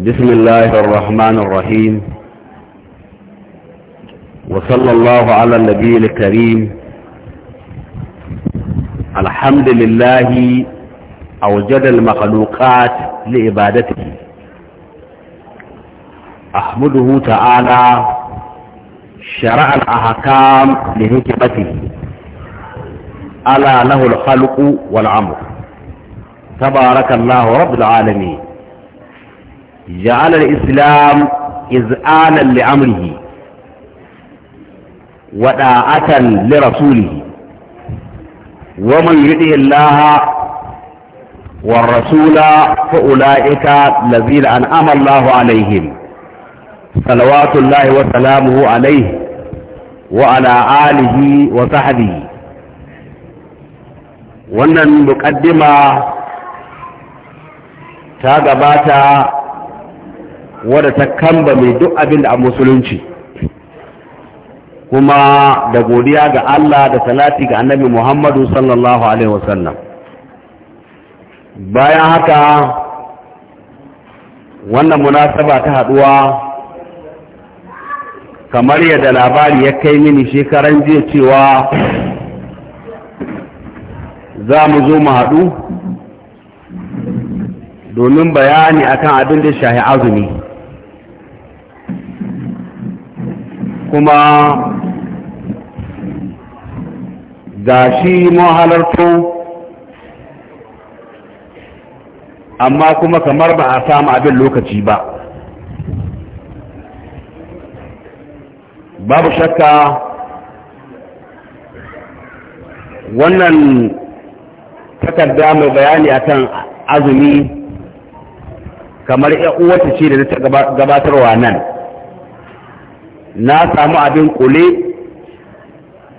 بسم الله الرحمن الرحيم وصلى الله على النبي الكريم الحمد لله أوجد المخلوقات لعبادته أحمده تعالى شرع الأحكام لهجبته ألا له الخلق والعمر تبارك الله رب العالمين جعل الإسلام إذآنا لأمره وداعة لرسوله ومن يطع الله والرسول فأولئك الذين أنعم الله عليهم صلوات الله وسلامه عليه وعلى آله وصحبه ونن مقدمة تاغباتا wadda ta kamba mai duk abin da a musulunci kuma da godiya ga Allah da salati ga annabi Muhammadu sallallahu Alaihi wasallam bayan haka wannan munasaba ta haduwa kamar yadda labari ya kai mini shekaran jiya cewa za mu zo mu haɗu domin bayani akan abin da shahi azumi kuma ga shi halarto amma kuma kamar ba a samu abin lokaci ba babu shakka wannan takarda mai bayani akan azumi kamar uwata ce da ta gabatarwa nan na samu abin kule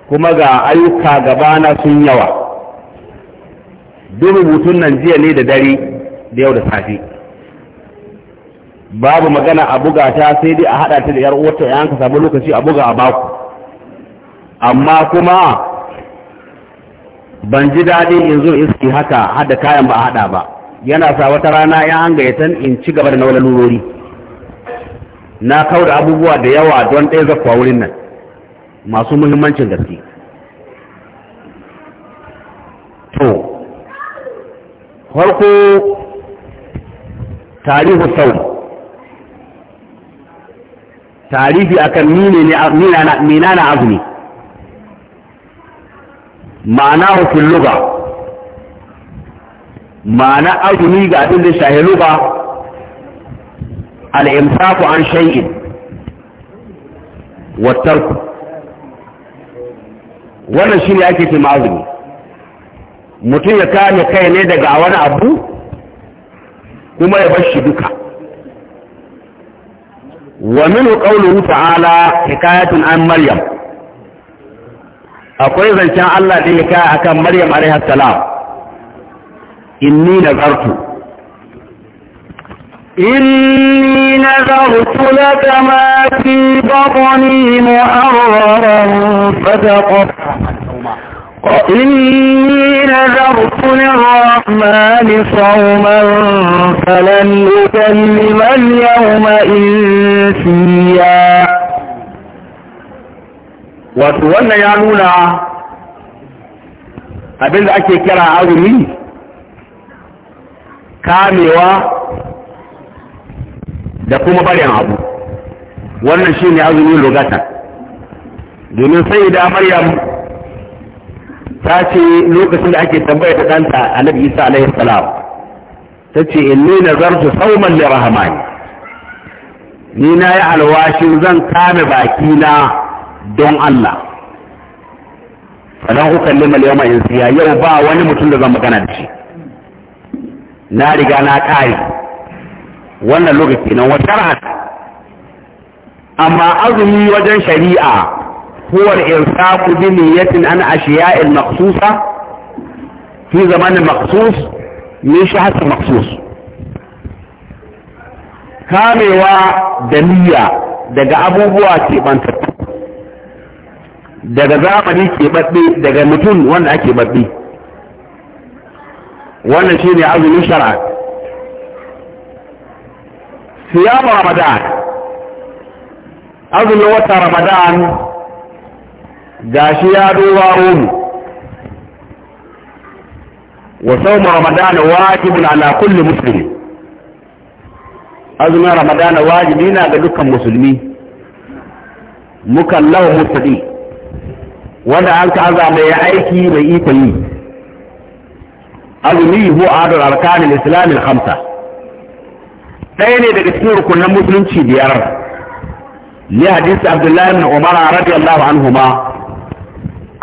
kuma ga ayyuka gabana sun yawa duk rubutun nan jiya ne da dare da yau da safe babu magana a buga ta sai dai a hada ta da yar uwarta yan ka samu lokaci a buga a baku amma kuma ban ji daɗin in zo iski haka hada kayan ba a hada ba yana sa wata rana ya hanga ya tan in ci gaba da wani na da abubuwa da yawa don ɗaya zafuwa wurin nan masu muhimmancin gaske to farko tarihu sau tarihi akan mina na azumi ma'ana hukun luga ma'ana azumi ga abin da shahe luga al'imsaku an shay'in wattarku wannan shi ne ake ce ma'azumi mutum ya kame kai ne daga wani abu kuma ya bashi duka wa minu qawluhu ta'ala hikayatun an maryam akwai zancen Allah da ya kaya akan maryam alaiha salam inni zartu. إني نذرت لك ما في بطني محررا فتقف وإني نذرت للرحمن صوما فلن أكلم اليوم إنسيا وتولى يا نونا أبدأ ake كرا azumi kamewa da kuma barin abu wannan shine azumi lugatan domin sai da maryam ta ce lokacin da ake tambaya ta danta annabi isa alaihi salam ta ce inni nazartu sauman li rahmani ni na yi alwashin zan kame na don Allah sannan kuka lima liyama in siya yau ba wani mutum da zan magana da shi na riga na kare wannan lokaci nan wa shar'an amma azumi wajen shari'a huwa al-insaqu bi niyyatin an ashiya'il maqsusa fi zamanin maqsus min shahr maqsus kamewa da niyya daga abubuwa ke bantattu daga zamani ke baɗe daga mutum wanda ake baɗe wannan shine azumin shari'a صيام رمضان أظل وطى رمضان قاشي يا وصوم رمضان واجب على كل مسلم أظل رمضان واجب لنا قدوك المسلمين مكان له مسلمي وانا أنت أظل يا عيكي ويئي كيي أظل هو عدل أركان الإسلام الخمسة ɗaya ne daga cikin rukunan musulunci biyar li hadisi abdullahi ibn umar radiyallahu anhuma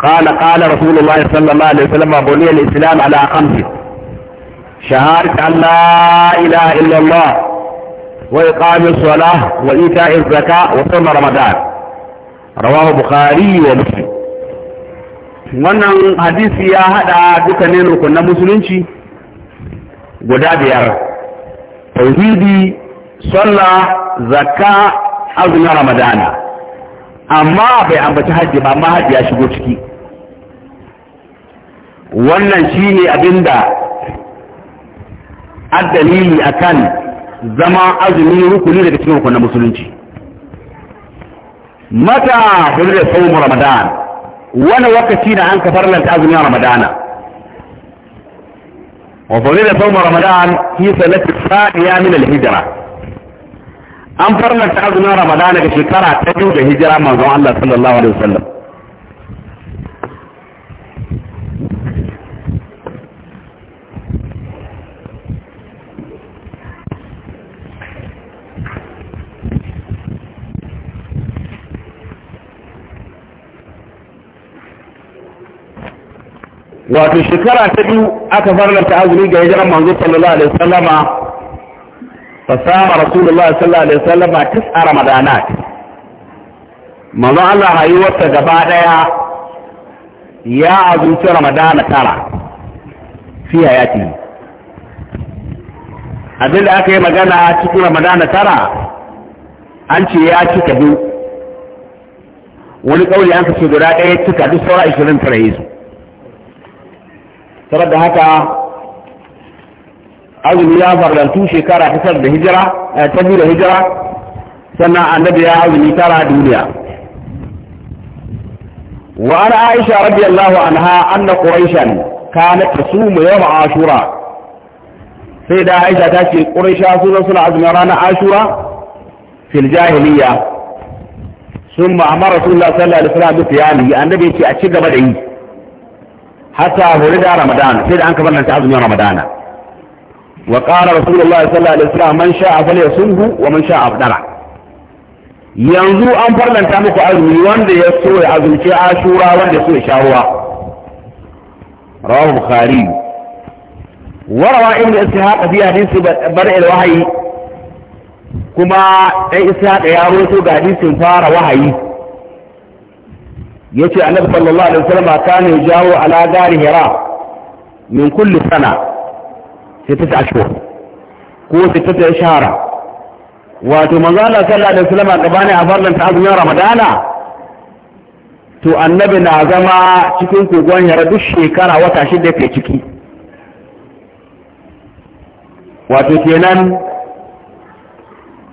قال قال رسول الله صلى الله عليه وسلم بني الإسلام على خمس شهادة أن لا إله إلا الله وإقام الصلاة وإيتاء الزكاة وصوم رمضان رواه بخاري ومسلم wannan hadisi ya hada dukkanin rukunan musulunci guda biyar tauhidi sallah zakka azumin ramadana amma bai ambaci hajji ba amma hajji ya shigo ciki wannan shine abinda addalili akan zama azumi rukuni daga cikin rukunin musulunci mata da saumu ramadana wani wakaci na an kafarlanta azumin ramadana وفضيلة صوم رمضان في سنة الثانية من الهجرة أنفرنا تعزنا رمضان في شكرة تجود الهجرة من الله صلى الله عليه وسلم wato shekara ta biyu aka farlanta azumi ga hijiran manzo sallallahu alaihi wasallama sama rasulullah sallallahu alaihi wasallama tis'a ramadanat manzo Allah hayi wata gaba daya ya azumi ramadana tara fi hayati abin da aka yi magana cikin ramadana tara an ce ya cika biyu wani kauli an ka ce guda ɗaya cika duk saura yi su saboda haka azumi ya farlantu shekara fitar da hijira ta da hijira sannan annabi ya azumi tara duniya wa ana aisha radiyallahu anha anna quraishan kanat tasumu yawm ashura sai da aisha ta ce quraisha su zo suna azumin ranar ashura fil jahiliya sun ma'amara sallallahu alaihi wasallam bi tiyali annabi ya ce a ci gaba da yi hatta da ramadan sai da an kabar nan ta azumin ramadana wa qala rasulullahi sallallahu alaihi wasallam man sha'a falyasumhu wa man sha'a afdara yanzu an farlanta muku azumi wanda ya so ya azumci ashura wanda ya so ya sharuwa rawahu bukhari warawa ibnu ishaq fi hadisi bar'a al-wahyi kuma isa da yaro rawaito ga hadisin fara wahayi yace annabi sallallahu alaihi wasallam kana jawo ala gari hira min kulli sana ta ashhur ko ta sittata shahara wato manzo Allah sallallahu alaihi wasallam gabanin a farkon ta azumin ramadana to annabi na zama cikin kogon yara duk shekara wata shi da ke ciki wato kenan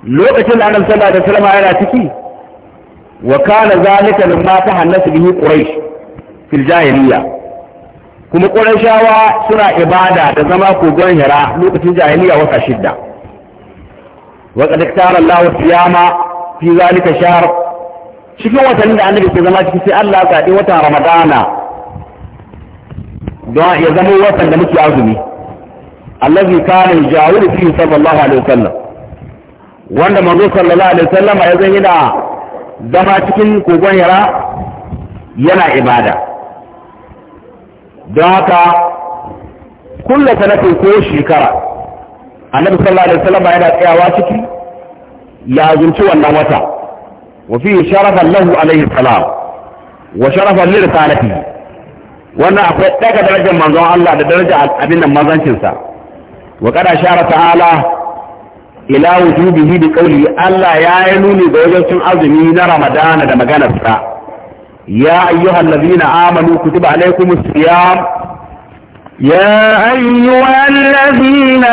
lokacin da annabi sallallahu alaihi wasallam yana ciki wa kana zalika mimma tahannasu bihi quraish fil jahiliya kuma qurayshawa suna ibada da zama kogon hira lokacin jahiliya wata shidda wa qad iktara Allah siyama fi zalika shahr cikin watanni da annabi ke zama cikin sai Allah ya zaɓi watan Ramadana don ya zama watan da muke azumi allazi kana yajawulu fi sallallahu alaihi wasallam wanda manzo sallallahu alaihi ya zan yana zama cikin kogon yara yana ibada don haka kulla sanatin ko shekara annabi sallallahu alaihi wasallam yana tsayawa ciki ya zunci wannan wata wa fi sharafan lahu alaihi salam wa sharafan li risalatihi wannan akwai daga darajar manzon Allah da darajar abin nan manzancin sa wa kada shara ta'ala ila wujubihi bi qawli Allah ya yi nuni ga wajen sun azumi na Ramadana da maganar sa ya ayyuhal ladina amanu kutiba alaykumus siyam يا أيها الذين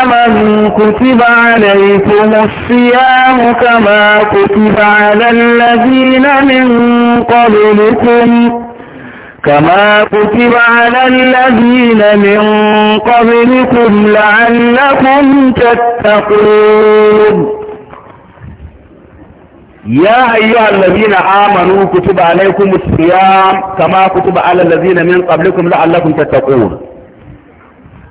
آمنوا كتب عليكم الصيام كما كتب على الذين من قبلكم كما كتب على الذين من قبلكم لعلكم تتقون يا أيها الذين آمنوا كتب عليكم الصيام كما كتب على الذين من قبلكم لعلكم تتقون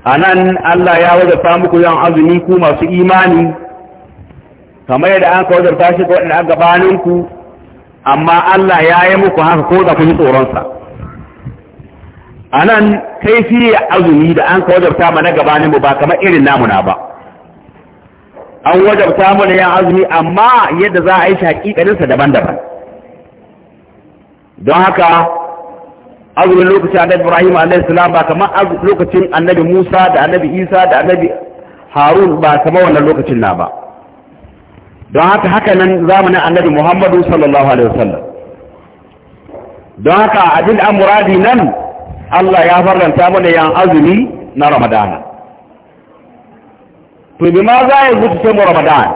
anan Allah ya wajarta muku yawan azumi ku masu imani kamar yadda an ka wajarta shi ga waɗanda a gabaninku amma Allah ya yi muku haka ko da ku ji tsoronsa a nan kai kaifiyar azumi da an ka wajabta mana gabaninmu ba kamar irin namuna ba an wajabta mana yan azumi amma yadda za a yi shaƙiƙaninsa daban-daban don haka azumin lokacin annabi ibrahim alaihissalam ba kamar lokacin annabi musa da annabi isa da annabi harun ba kamar wannan lokacin na ba don haka haka nan zamanin annabi muhammadu sallallahu alaihi wasallam don haka abin da an muradi nan Allah ya faranta mana yan azumi na Ramadana to bi ma za ya zuci sai Ramadan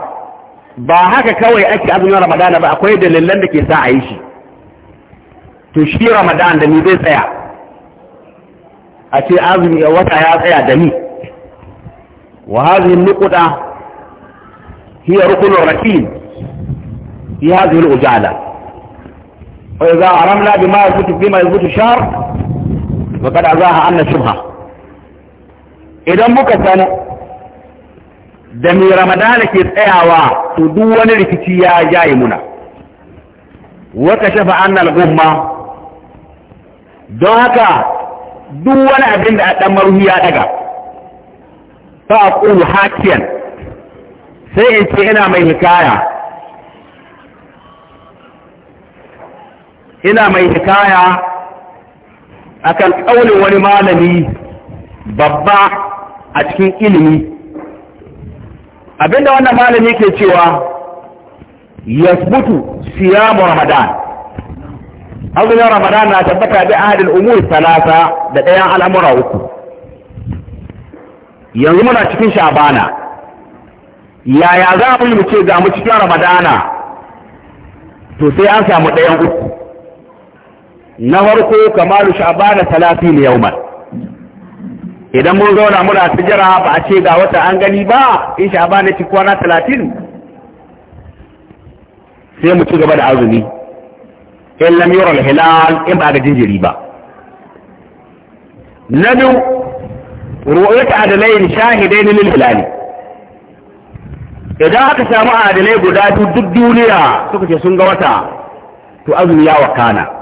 ba haka kawai ake azumin Ramadana ba akwai dalilan da ke sa a yi shi to shi ramadana da ni zai tsaya a ce azumi a wata ya tsaya da ni wa hazi nuqta hiya rukunur rakim fi hadhihi al-ujala ramla bi ma zuci bi ma zuci shar faƙad za a annan shubha idan muka san da mai ramadana ke tsayawa su duk wani rikici ya jaye muna waka shafa annal gumma don haka duk wani abin da a ɗan maruhi ya daga ta a ƙulu hakiyan sai in ce ina mai hikaya ina mai hikaya akan ƙaunin wani malami babba a cikin ilimi abinda wannan malami ke cewa yasbutu siyamu ramadan azumin ramadan na tabbata bi ahadin umur talata da ɗayan al'amura uku yanzu muna cikin shabana yaya za mu ce ga mu cikin ramadana to sai an samu ɗayan uku na farko kamalu sha'bana talatin yawman idan mun zauna muna tijira ba a ce ga wata an gani ba in sha'bana ci kwana talatin, sai mu ci gaba da azumi in lam yura al-hilal in ba ga jinjiri ba na biyu ru'yat adalain shahidain lil hilal idan aka samu adalai guda duk duniya suka ce sun ga wata to azumi ya wakana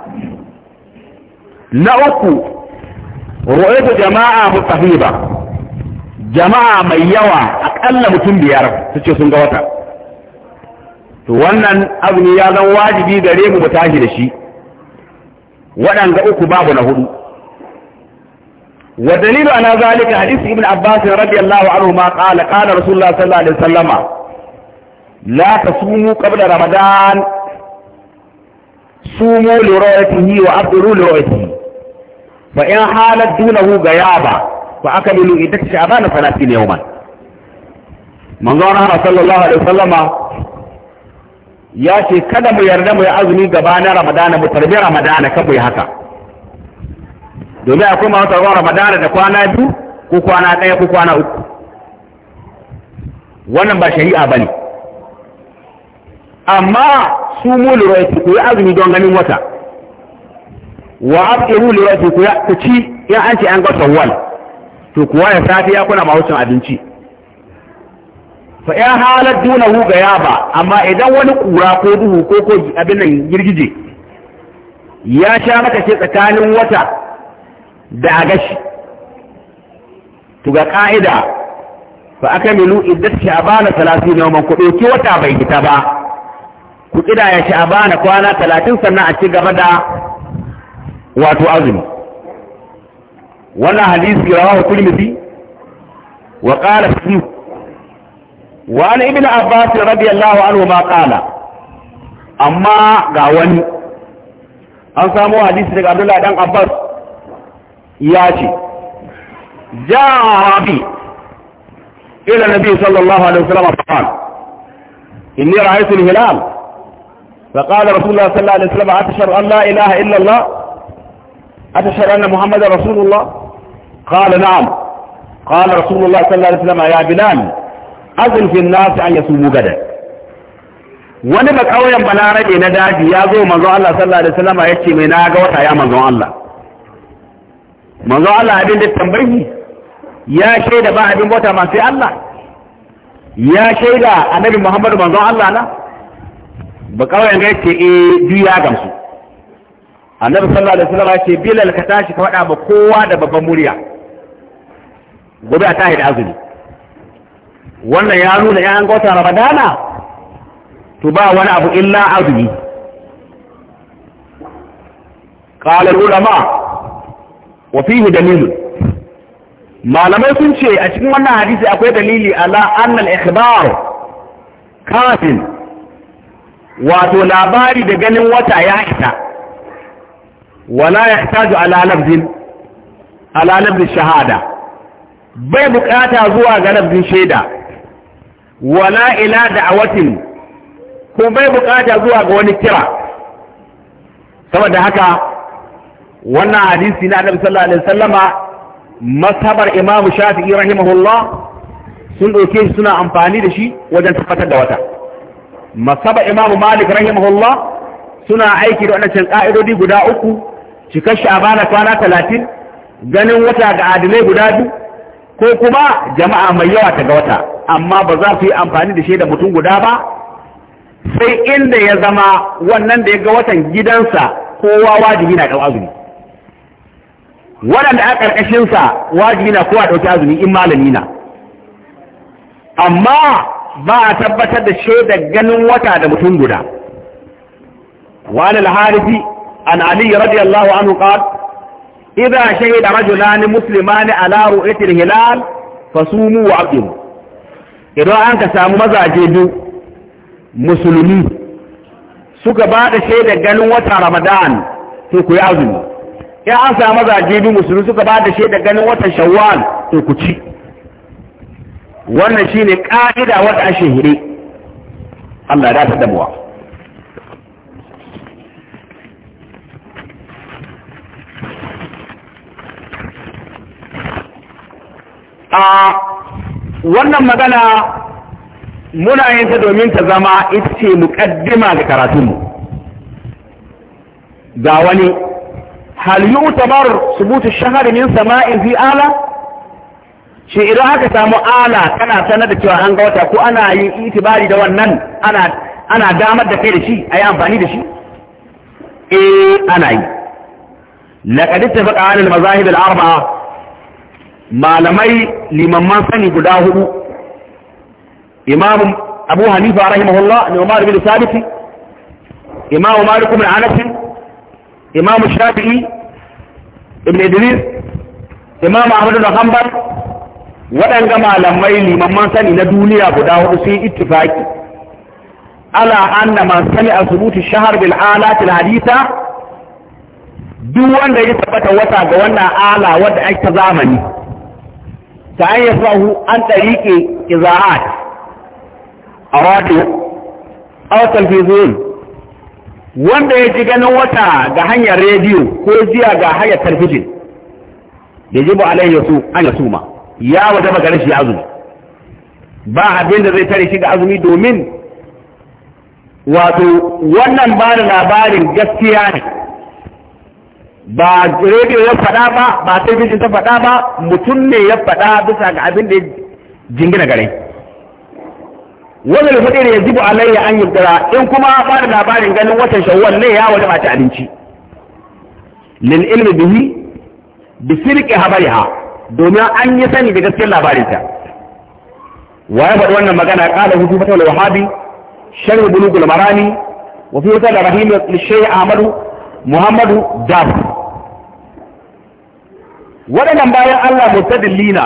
na uku ru'aytu jama'a ba? jama'a mai yawa akalla mutum biyar su ce sun ga wata to wannan azumi ya zan wajibi gare mu mu tashi da shi waɗanda uku babu na hudu ودليل على ذلك حديث ابن عباس رضي الله عنهما قال قال رسول الله صلى الله عليه وسلم لا تصوموا قبل رمضان sumu li ru'yatihi wa abdiru li fa in halat dunahu gayaba fa akamilu iddat sha'ban 30 yawman manzo Allah sallallahu alaihi wasallama ya ce kada mu yarda mu yi azumi gaba na ramadana mu tarbi ramadana kan mu yi haka domin akwai ma tarbi ramadana da kwana biyu ko kwana ɗaya ko kwana uku wannan ba shari'a bane amma su mu luraiti ku yi azumi don ganin wata wa abiru su ku ci yan an ce an ga sawwal to kuwa ya ya kuna ba abinci fa ya halar hu ga yaba amma idan wani kura ko duhu ko ko abin nan girgije ya sha maka ce tsakanin wata da a to ga ka'ida fa aka milu iddat shabana 30 yawman ku dauki wata bai fita ba ku kidaya shi a bana kwana talatin sannan a ci gaba da wato azumi wannan hadisi rawahu tirmidhi wa qala fi wa an ibn abbas radiyallahu anhu ma qala amma ga wani an samu hadisi daga abdullahi dan abbas ya ce ja'a bi ila nabi sallallahu alaihi wasallam qala inni ra'aytu al-hilal فقال رسول الله صلى الله عليه وسلم أتشهد أن لا إله إلا الله أتشهد أن محمدا رسول الله قال نعم قال رسول الله صلى الله عليه وسلم يا بلال أذن في الناس أن يصوموا غدا ونبقى أولا بنارة إن داجي يا ذو من الله صلى الله عليه وسلم يتشي من آقوتها يا من الله من ذو الله أبين للتنبيه يا شيدة ما أبين بوتها ما في الله يا شيخ شيدة النبي محمد من ذو الله نعم ba kawai ga ce eh duya ya gamsu annabi sallallahu alaihi wasallam ya ce bilal ka tashi ka faɗa ba kowa da babban murya gobe a tahi da azumi wannan ya nuna ya an wata ramadana to ba wani abu illa azumi qala ulama wa fihi dalil malamai sun ce a cikin wannan hadisi akwai dalili ala annal ikhbar kafin wato labari da ganin wata ya isa wala ya ala lafzin ala shahada bai bukata zuwa ga lafzin shaida wala ila da'awatin ko bai bukata zuwa ga wani kira saboda haka wannan hadisi na Annabi sallallahu alaihi wasallama masabar Imam Shafi'i rahimahullah sun ɗauke suna amfani da shi wajen tabbatar da wata masaba imamu malik rahimahullah suna aiki da wannan ka'idodi guda uku cikar sha'bana kwana talatin ganin wata ga adilai guda biyu ko kuma jama'a mai yawa ta ga wata amma ba za su yi amfani da da mutum guda ba sai inda ya zama wannan da ya ga watan gidansa kowa wajibi na ɗau azumi waɗanda a ƙarƙashinsa wajibi na kowa ɗauki azumi in malami na amma ba a tabbatar da shaidar ganin wata da mutum guda wani alharifi an ali radiyallahu anhu qal idza shahida rajulan musliman ala ru'yati al-hilal fasumu wa abin. idan an ka samu mazaje du musulmi suka ba da shaidar ganin wata ramadan to ku yi azumi ya an samu mazaje du musulmi suka ba da shaidar ganin watan shawwal to ku ci wannan shi ne ƙa'ida wata a shehire Allah da ta damuwa a wannan magana muna yin ta domin ta zama ita ce muƙaddima da karatunmu ga wani hal yi utabar subutu shahari min sama'in fi ala shi idan aka samu ala kana sanar da cewa an ga wata ko ana yi itibari da wannan ana ana damar da kai da shi ayi amfani da shi eh ana yi laqad ittafaqa 'ala al-mazahib al-arba'a malamai liman man sani guda hudu imam abu hanifa rahimahullah ne umar bin sabit imam malik bin anas imam shafi'i ibn idris imam ahmad bin hanbal waɗanga malamai liman sani na duniya guda hudu sun yi ittifaki ala anna man sani a shahar bil alatil hadita duk wanda ya tabbata wata ga wannan ala wadda ake ta zamani ta an yi sahu an ɗariƙe iza'at a wato a talfizon wanda ya ji ganin wata ga hanyar rediyo ko jiya ga hanyar talfijin da jibo alayyasu an yasuma ya wata maka rashin azumi ba abin da zai tare shi ga azumi domin wato wannan ba da labarin gaskiya ne ba rediyo ya faɗa ba ba talabijin ta fada ba mutum ne ya fada bisa ga abin da ya jingina gare wannan da faɗi ya zibu alayya an yadda in kuma ba da labarin ganin watan shawwal ne ya wata ba ta abinci lil ilmi bihi bi sirqi habariha domin an yi sani da gaskiyar labarinta wa ya faɗi wannan magana ƙala hutu fata wal wahabi sharh bulugul marani wa fi wata rahim lishay amadu muhammadu dab waɗannan bayan Allah mustadillina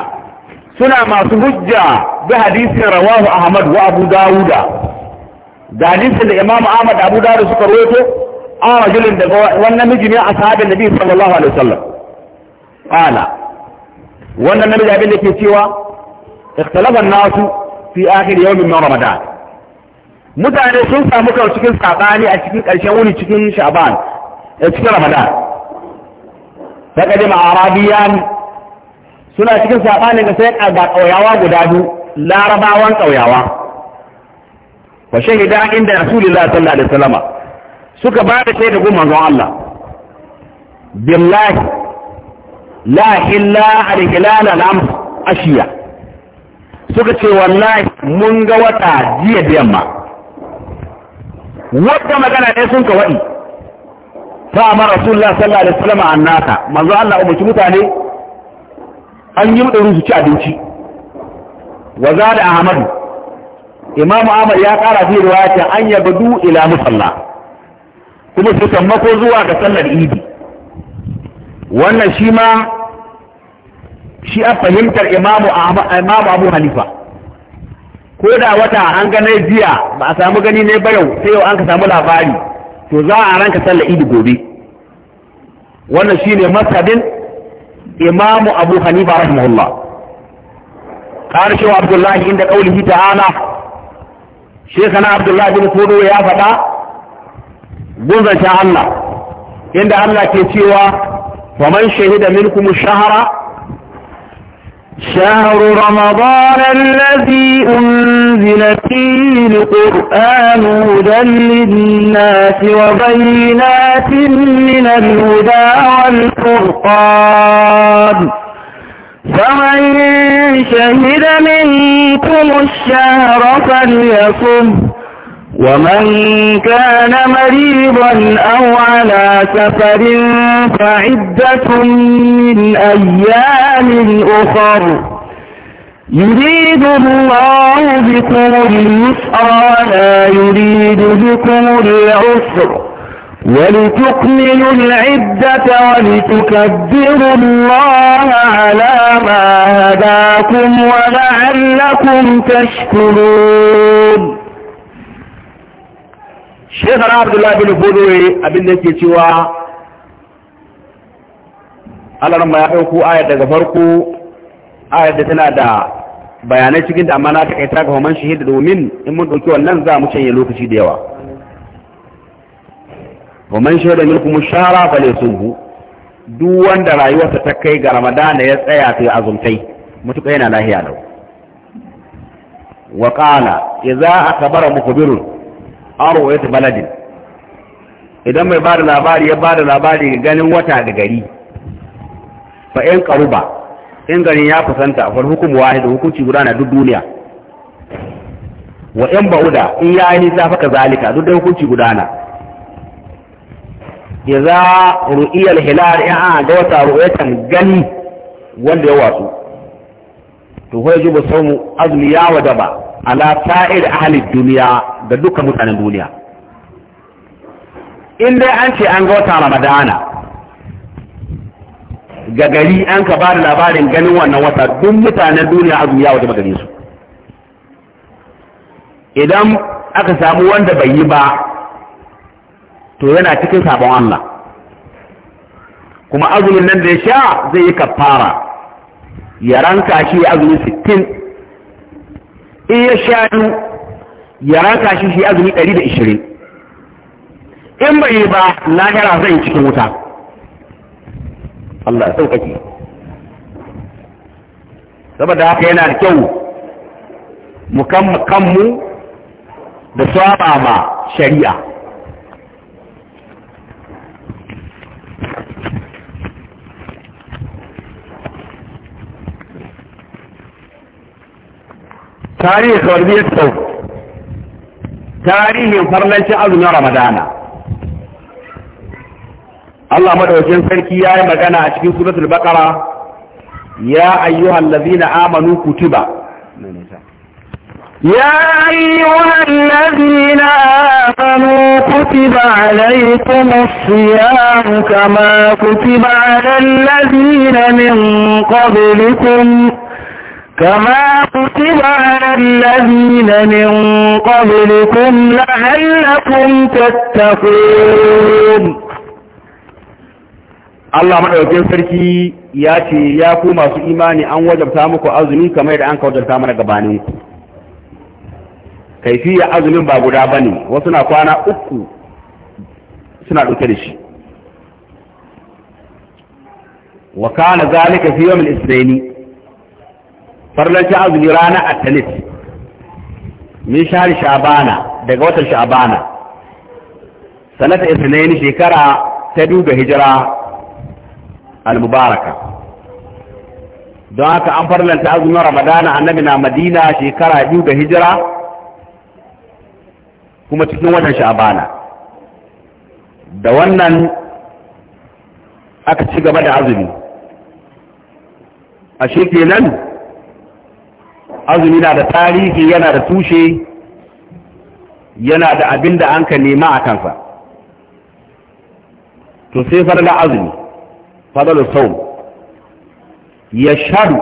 suna masu hujja bi hadisin rawahu ahmad wa abu dawuda da hadisin da imamu ahmad abu dawuda suka rawaito a rajulin daga wannan miji ne ashabin nabi sallallahu alaihi wasallam qala wannan na abin da ke cewa ikhtalafa nasu fi akhir yawmin min ramadan mutane sun samu kan cikin sabani a cikin karshen wuni cikin sha'ban a eh, cikin ramadan ta kaje ma arabiyan suna cikin sabani da sai ga kauyawa guda biyu larabawan kauyawa wa shahida inda rasulullahi sallallahu alaihi wasallam suka ba da shaida ga manzon Allah billahi la hilla al-hilal ashiya suka ce wallahi mun ga wata jiya da yamma wata magana ne sun ka wadi fa amma rasulullah sallallahu alaihi wasallam annaka manzo Allah umarci mutane an yi mudu su ci abinci wa zada ahmad imam ahmad ya kara fi riwaya an yabdu ila musalla kuma su mako zuwa ga sallar idi wannan shi ma shi a fahimtar imamu abu hanifa ko da wata an ganai jiya ba a samu gani ne ba yau sai yau an ka samu labari to za a ranka sallar idi gobe wannan shi ne masabin imamu abu hanifa rahimahullah ƙarar abdullahi inda hita ta'ala shekana abdullahi ne kodo ya faɗa gunzan Allah inda Allah ke cewa ومن شهد منكم الشهر شهر رمضان الذي أنزل فيه القرآن هدى للناس وبينات من الهدى والفرقان فمن شهد منكم الشهر فليصم ومن كان مريضا أو على سفر فعدة من أيام أخر يريد الله بكم اليسر لا يريد بكم العسر ولتكملوا العدة ولتكبروا الله على ما هداكم ولعلكم تشكرون shekara abdullahi bin hudoye abin da yake cewa alarar ma ya ɗauko ayar daga farko ayar da tana da bayanai cikin da amma na ta kaita ga homan shahida domin in mun ɗauki wannan za mu canye lokaci da yawa homan shahida milku mushara sun hu duk wanda rayuwarsa ta kai ga ramadana ya tsaya yi azumtai mutuka yana lahiya lau wa qala idza akbara mukbirun aro baladin idan mai bada labari ya bada labari ga ganin wata da gari fa in qaruba in garin ya kusanta fa hukumu wahid hukunci guda na duk duniya wa in ba'uda in ya yi nisa faka zalika duk da hukunci guda na ya za ru'iyar hilar in an ga wata ru'ayatan gani wanda ya wasu to ji ba samu azumi ya ba ala sa'ir ahli duniya ga dukkan mutanen duniya in dai an ce an ga wata ramadana ga gari an ka ba da labarin ganin wannan wata duk mutanen duniya a ya wata su idan aka samu wanda bai yi ba to yana cikin sabon Allah kuma azumin nan da ya sha zai yi kafara ya ranka shi azumin sittin in ya sha ya raka shi shi azumi 120 in bai ba lahira zai cikin wuta Allah sauƙaƙe saboda haka yana da kyau mu kanmu da saba ma shari'a tarihi kawar biyar sau tarihin farlancin azumin ramadana Allah madaukakin sarki ya yi magana a cikin suratul baqara ya ayyuhal ladina amanu kutiba ya ayyuhal ladina amanu kutiba alaykumus siyam kama kutiba alal ladina min qablikum كما كتب على الذين من قبلكم لعلكم تتقون Allah madaukakin sarki ya ce ya ku masu imani an wajabta muku azumi kamar yadda an ka mana gabanin ku kaifiyar azumin ba guda bane wasu na kwana uku suna ɗauke da shi wa kana zalika fi yawmil isnaini farlanci azumi rana a talis min shahar sha'abana daga watan sha'abana sanata isnaini shekara ta duga hijira al-mubaraka don haka an farlanta azumin ramadana annabi na madina shekara duga hijira kuma cikin watan sha'abana da wannan aka ci gaba da azumi a shekenan azumi na da tarihi yana da tushe yana da abin da an ka nema a kansa to sai farla azumi fadalu saum ya shaɗu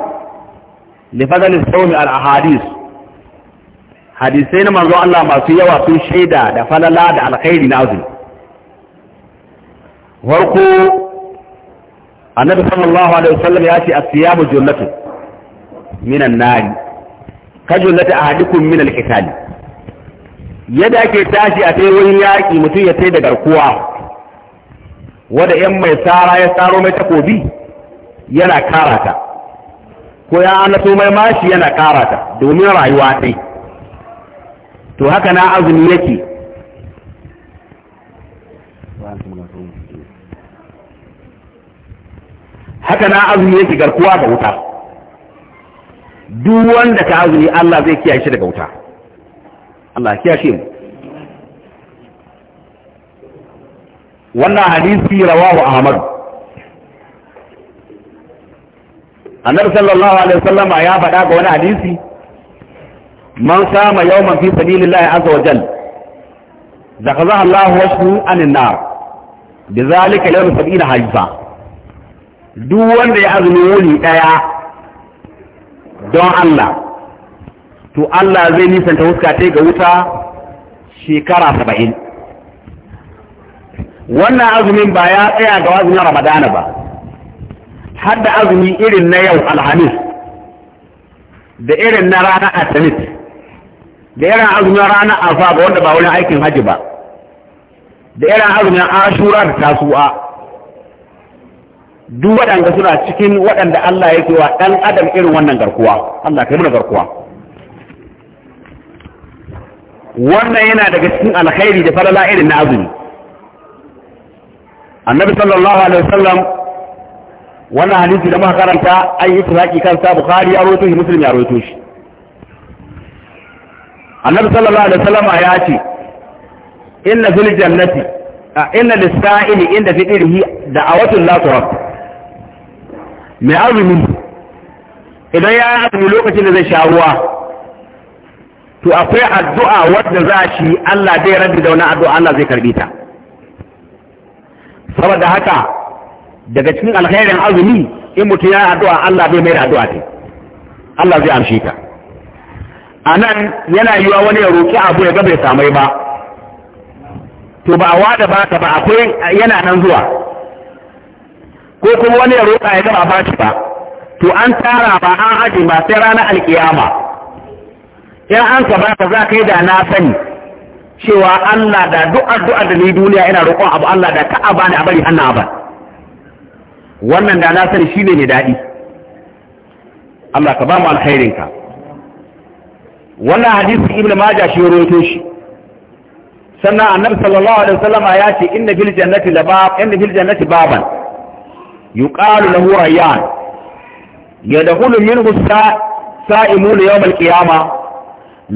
da fadalu saumi al'ahadis hadisai na manzo Allah masu yawa sun shaida da falala da alkhairi na azumi warko annabi sallallahu alaihi wasallam ya ce asiyamu jannatu minan nari kajulata ahadikum min al-qital yadda ake tashi a tayi wani yaki mutum ya tayi da garkuwa wanda yan mai tsara ya tsaro mai takobi yana karata ko ya anato mai mashi yana karata domin rayuwa sai to haka na azumi yake haka na azumi yake garkuwa da wuta duk wanda ka azumi Allah zai kiyaye shi daga wuta Allah kiyaye mu wannan hadisi rawahu Ahmad Annabi sallallahu alaihi wasallam ya faɗa ga wani hadisi man sama yawman fi sabilillahi azza wa jalla dakhazaha Allahu wasu anin nar bizalika yawm sabina hajja duk wanda ya azumi wuni daya don Allah to Allah zai nisanta huska ta ga wuta shekara saba'in wannan azumin ba ya tsaya ga azumin ramadana ba Hadda azumi irin na yau alhamis da irin na rana atamis da irin azumin rana afa ga wanda ba wani aikin hajji ba da irin azumin ashura da tasu'a duk waɗanda suna cikin waɗanda Allah yake wa ɗan adam irin wannan garkuwa Allah kai mana garkuwa wannan yana daga cikin alkhairi da falala irin na azumi annabi sallallahu alaihi wasallam wannan hadisi da muka karanta an yi tsaki kansa bukhari ya rawaito shi muslim ya rawaito shi annabi sallallahu alaihi wasallam ya ce inna fil jannati inna lis-sa'ili inda da da'awatul la turab mai azumi idan ya azumi lokacin da zai sha ruwa to akwai addu'a wadda za shi Allah zai rabi da wani addu'a Allah zai karbi ta saboda haka daga cikin alkhairin azumi in mutum ya addu'a Allah zai mai addu'a ta Allah zai amshi ta a nan yana yiwa wani ya roƙi abu ya ga bai samai ba to ba a wada ba ka ba akwai yana nan zuwa ko kuma wani ya roƙa ya gaba bashi ba to an tara ba an aje ba sai ranar alkiyama in an ka baka za ka yi da na sani cewa Allah da duk addu'ar da ni duniya ina roƙon abu Allah da ka bani a bari hannu ba wannan da na sani shine ne daɗi Allah ka ba mu alkhairinka wannan hadisi ibnu majah shi rawaito shi sannan annabi sallallahu alaihi wasallam ya ce inna fil jannati labab inna fil jannati baban yuqalu lahu rayyan yadkhulu minhu sa'imun yawm al-qiyamah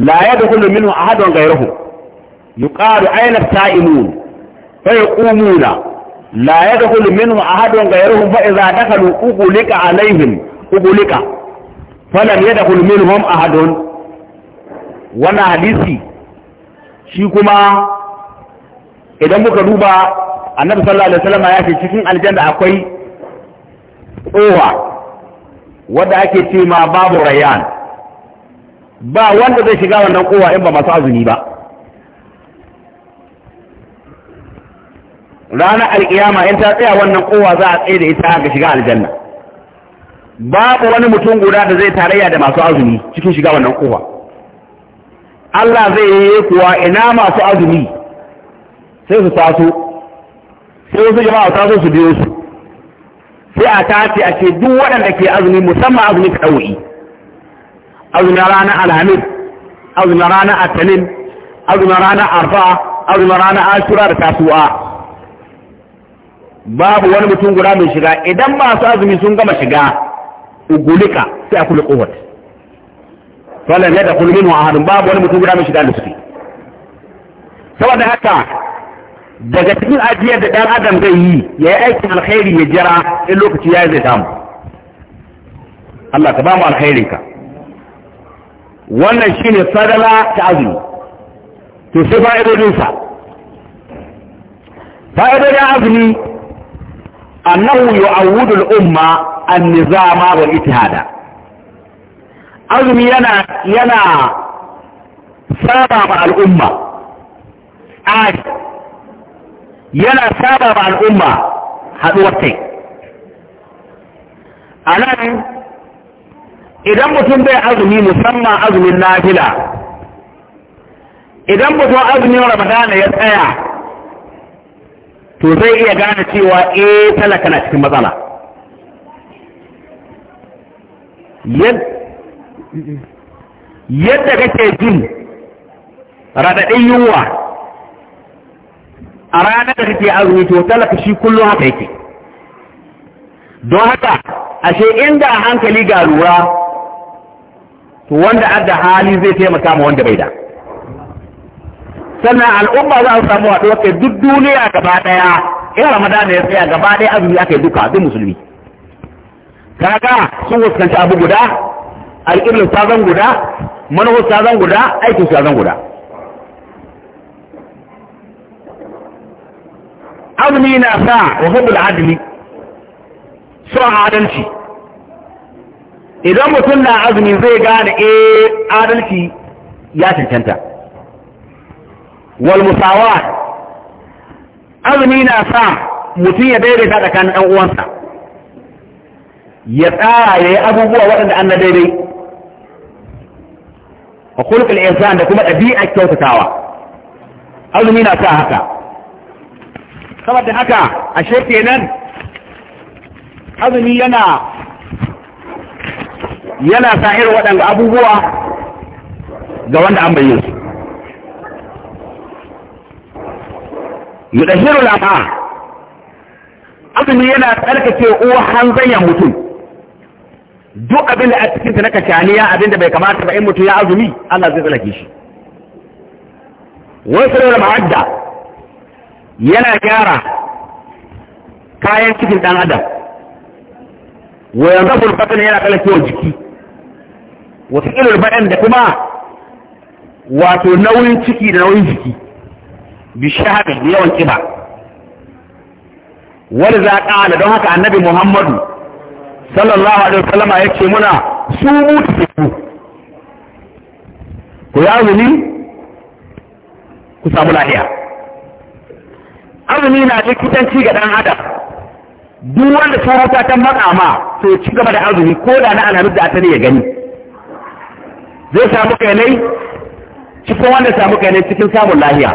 la yadkhulu minhu ahadun ghayruhu yuqalu ayna as-sa'imun فيقومون لا يدخل منهم أحد غيرهم فإذا دخلوا أغلق عليهم أغلق فلم يدخل منهم أحد وانا shi kuma idan muka duba annabi sallallahu alaihi wasallam ya ce cikin aljanna akwai tsowa wadda ake ce ma babu rayan ba wanda zai shiga wannan kowa in ba masu azumi ba ranar alkiyama in ta tsaya wannan kowa za a tsaye da ita ga shiga aljanna babu wani mutum guda da zai tarayya da masu azumi cikin shiga wannan kowa Allah zai yi kuwa ina masu azumi sai su taso sai wasu jama'a taso su biyo su sai a tace a ce duk waɗanda ke azumi musamman azumi ta ɗau'i azumin ranar alhamis azumin ranar atalin azumin ranar arfa azumin ranar ashura da kasuwa. babu wani mutum guda mai shiga idan masu azumi sun gama shiga ugulika sai a kula kohot falon yadda kulmin wa'adun babu wani mutum guda mai shiga da suke saboda haka daga cikin ajiyar da ɗan adam zai yi ya yi aikin alkhairi ya jira in lokaci ya zai samu Allah ka ba mu alkhairin ka wannan shi ne sadala ta azumi to sai fa'idodinsa fa'idodin azumi annahu yu'awwidul umma an-nizama wal ittihada azumi yana yana saba ma al'umma ai yana saba al'umma haɗuwar a nan idan mutum bai azumi musamman azumin nafila idan mutum azumin ramadana ya tsaya to zai iya gane cewa e talaka na cikin matsala yadda kake jin raɗaɗin yunwa a ranar da kake azumi to talaka shi kullum haka yake don haka ashe inda hankali ga lura to wanda adda hali zai taimaka ma wanda bai da sannan al'umma za su samu wato kai duk duniya gaba daya in ramadan ya tsaya gaba daya azumi aka duka duk musulmi kaga sun fuskanci abu guda alƙiblar ta zan guda manufar ta zan guda aikin ta zan guda azumi na sa wa hukul adli so adalci idan mutum na azumi zai gane eh adalci ya cancanta wal musawa azumi na sa mutum ya daidaita tsakanin ɗan uwansa ya tsara ya yi abubuwa waɗanda an na daidai a kulkul insan da kuma ɗabi'a kyautatawa azumi na sa haka saboda haka a ashe nan, azumi yana yana sa'ir waɗanda abubuwa ga wanda an bayyana su yudashiru lafa azumi yana tsarkake uwa hanzayen mutum duk abin da a cikinta na kashaniya abin da bai kamata ba in mutum ya azumi Allah zai tsarkake shi wani da ma'adda yana gyara kayan cikin ɗan adam wa yanzu fatan yana kala kalakewa jiki wata ilar bayan da kuma wato nauyin ciki da nauyin jiki haka da yawan kiba wani za ƙala don haka annabi muhammadu sallallahu alaihi wasallama ya ce muna su mutu ku yi azumi ku samu lahiya azumi na likitanci ga ɗan adam duk wanda sarauta ta matsa ma to ci gaba da azumi ko da na alamu da ne ya gani zai samu kainai cikin wanda samu kainai cikin samun lahiya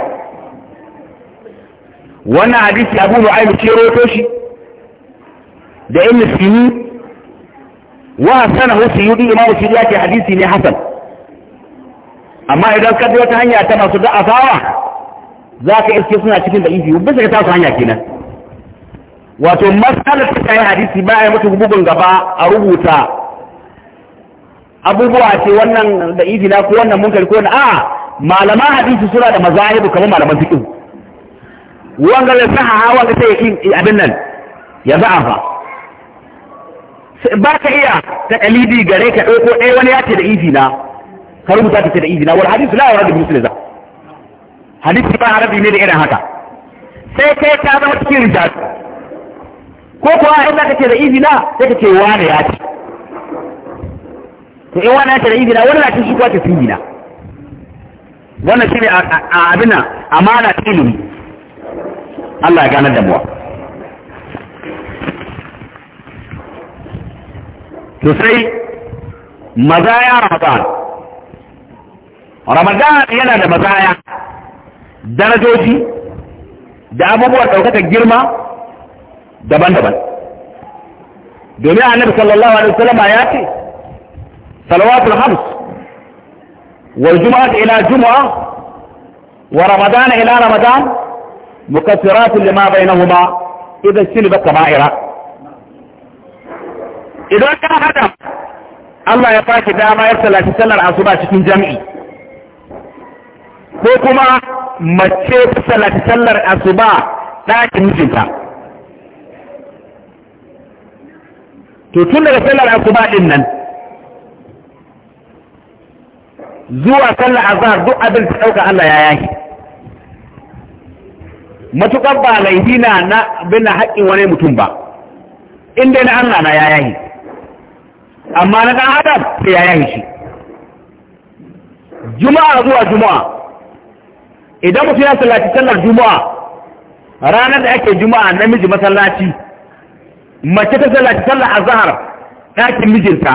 wannan hadisi abu mu'ayyu ce roto shi da ibn sini wa hasanahu suyudi imamu suyudi ya ke hadisi ne hasan amma idan ka wata hanya ta masu da'afawa za ka iske suna cikin da ifi bisa ga tasu hanya kenan wato masana ta kayan hadisi ba a yi mutu bugun gaba a rubuta abubuwa ce wannan da ifi na ko wannan munkari ko wani a malaman hadisi suna da mazahibu kamar malaman fiqh wanga la sahaha wanga sai yakin abin nan ya fa ba ka iya ta ɗalibi gare ka ɗauko ɗaya wani ya ce da ifi na ka rubuta ta ce da ifi na wal hadisi la da muslim hadisi ba arabi ne da irin haka sai kai ka zama cikin rijal ko kuwa in zaka ce da izina sai ka ce wani ya ce to in wani ya ce da izina wani na cin shi kuwa ce sun gina wannan shi ne a abin nan amana ta ilimi Allah ya ganar da muwa to sai mazaya ramadan ramadan yana da mazaya darajoji da abubuwan ɗaukakar girma daban-daban domin annabi sallallahu alaihi wasallam ya ce salawatul hams wal jumu'atu ila jumu'a wa ramadan ila ramadan mukassirat lima bainahuma idan baka ma'ira idan ka hada Allah ya fashi dama ya salati sallar asuba cikin jami'i ko kuma mace salati sallar asuba ɗakin mijinta to tun daga sallar asuba ɗin nan zuwa sallar azhar duk abin ta ɗauka Allah ya yaki matuƙar ba laifi na na haƙƙin wani mutum ba inda na Allah na ya yayi amma na ɗan adam sai ya yayi shi juma'a zuwa juma'a idan mutum ya sallaci sallar juma'a ranar da ake juma'a namiji masallaci mace ta sallaci sallar azhar ɗakin mijinta